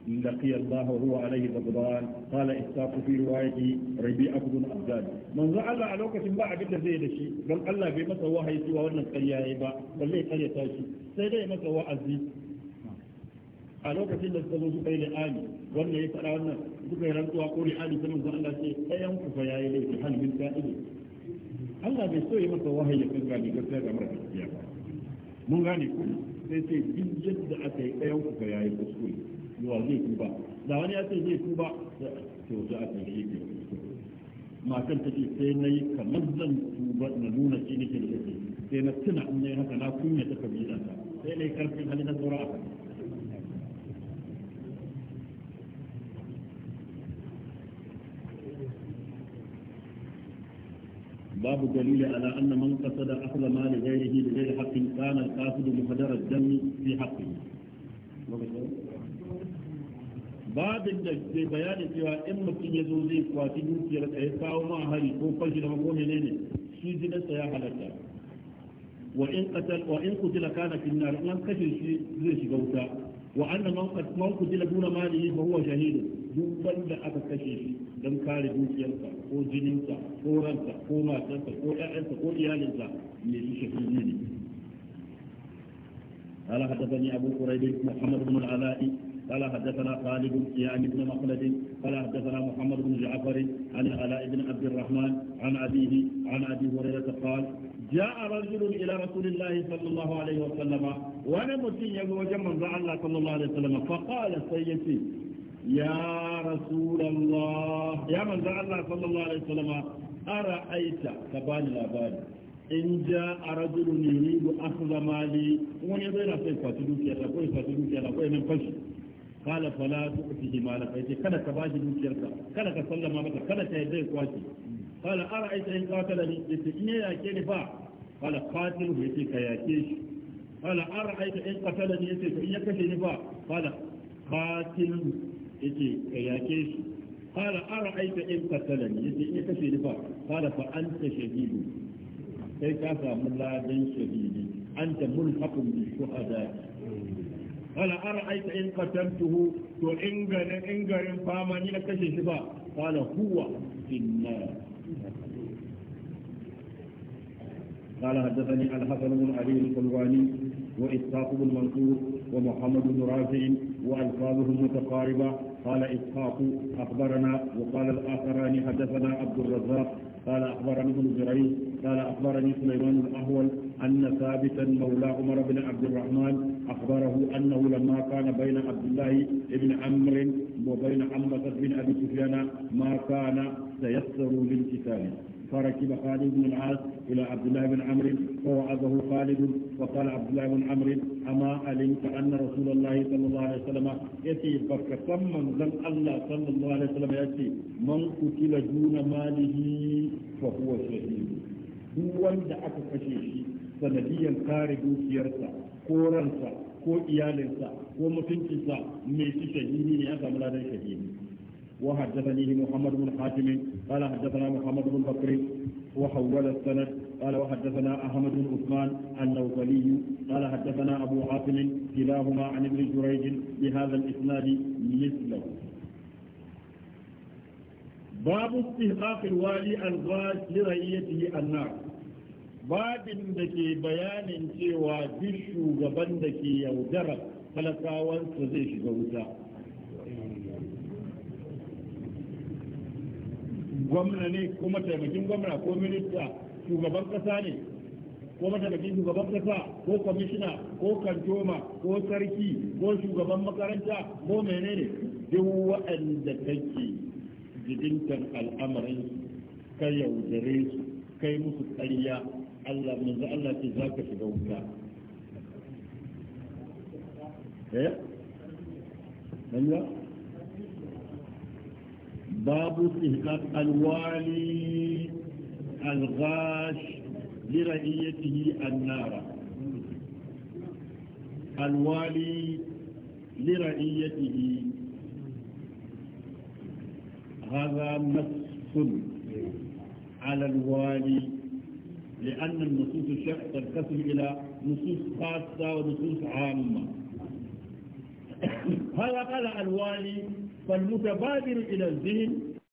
لقي الله وهو عليه بغضان قال إساق في روايتي ربيعة بن أبداد من زعل على وقت ما عبد زيد الشيء بل قال الله بمسا وهي سوى ورنا قرية عبا بل ليه قرية تاشي سيدا يمسا وعزي a lokacin da suka zo su ali wanda ya fara wannan suka yi rantsuwa kori ali sai manzo Allah sai ayan ku fa yayi da halin ta'ili Allah bai so ya masa wahayi kan gani ga sai da marka ba mun gane ku sai sai jin yadda aka yi ayan ku fa yayi kuskure zuwa zai tuba da wani ya ce zai tuba to za a tashi yake matan ta ce sai na yi kamar zan tuba na nuna shi nake da kake sai na tuna in na yi haka na kunya ta ta sai na yi karfin hali na saura a باب دليل على أن mali قصد أخذ مال غيره بغير حق كان القاصد مهدر الدم في حقه. babin da ke bayani cewa in mutum ya zo zai kwaci dukiyar da ya kawo ma hari ko fashi da ko menene shi ji da ya halatta wa in qatal wa in qutila kana fi nar an kashe shi zai shiga wuta wa anna man qad man qutila duna malihi fa huwa shahid duk wanda aka kashe shi dan kare dukiyarsa ko jininsa ko ransa ko matarsa ko ƴaƴansa ko iyalinsa ne shi shahidi ne قال حدثني ابو قريب محمد بن العلاء قال حدثنا خالد يعني بن مخلد قال حدثنا محمد بن جعفر عن علاء بن عبد الرحمن عن أبيه عن أبي هريرة قال جاء رجل إلى رسول الله صلى الله عليه وسلم وانا مسلم متين وجمع الله صلى الله عليه وسلم فقال سيدي يا رسول الله يا من الله صلى الله عليه وسلم أرأيت كبان الأبان إن جاء رجل يريد أخذ مالي mali wani zai na يا fatidu ke da kai fatidu ke qala fala tu'tihi malaka yace kada ka bashi dukiyarka kada ka sallama maka kada ka yadda ya kwace qala ara'aita in qatalani yace in ya yake ni fa qala qatilu yace ka yake shi ara aita in qatalani yace to in ya kashe ni fa qala qatilu yace ka yake shi qala ara'aita in qatalani yace in ya kashe ni fa qala fa anta shahidu sai ka samu ladan shahidi anta mulhaqun bi shuhada wala ara aita in qatantuhu to in ga garin fama ni na kashe shi ba wala huwa finnar قال حدثني الحسن بن علي القلواني وإسحاق بن منصور ومحمد بن رافع وألفاظهم متقاربة قال إسحاق أخبرنا وقال الآخران حدثنا عبد الرزاق قال أخبرني ابن جريج قال أخبرني سليمان الأهول أن ثابتا مولى عمر بن عبد الرحمن أخبره أنه لما كان بين عبد الله بن عمرو وبين عمرة بن أبي سفيان ما كان سيسر للقتال فركب خالد بن العاص إلى عبد الله بن عمرو فوعظه خالد وقال عبد الله بن عمرو أما علمت أن رسول الله صلى الله عليه وسلم يأتي بك ثم زم الله صلى الله عليه وسلم يأتي من قتل دون ماله فهو شهيد duk wanda aka kashe shi sanadiyan kare dukiyarsa ko ransa ko iyalinsa ko mutuncinsa mai shi shahidi ne ya samu ladan shahidi وحدثني محمد بن حاتم قال حدثنا محمد بن بكر وحول السند قال وحدثنا احمد بن عثمان النوفلي قال حدثنا ابو عاصم كلاهما عن ابن جريج بهذا الاسناد مثله باب استحقاق الوالي الغاز لرعيته النار babin da ke bayanin cewa duk shugaban da ke yaudara talakawansa zai shiga wuta gwamna ne ko mataimakin gwamna ko minista shugaban kasa ne ko mataimakin shugaban kasa ko kwamishina ko kantoma ko sarki ko shugaban makaranta ko menene duk waɗanda kake jidintar al'amarin ka yaudare su kai musu ƙarya Allah manzo Allah ce za ka shiga wuta eh باب استهلاك الوالي الغاش لرعيته النار الوالي لرعيته هذا مس على الوالي لأن النصوص الشرع تنقسم إلى نصوص خاصة ونصوص عامة هذا قال الوالي فالمتبادر إلى الذهن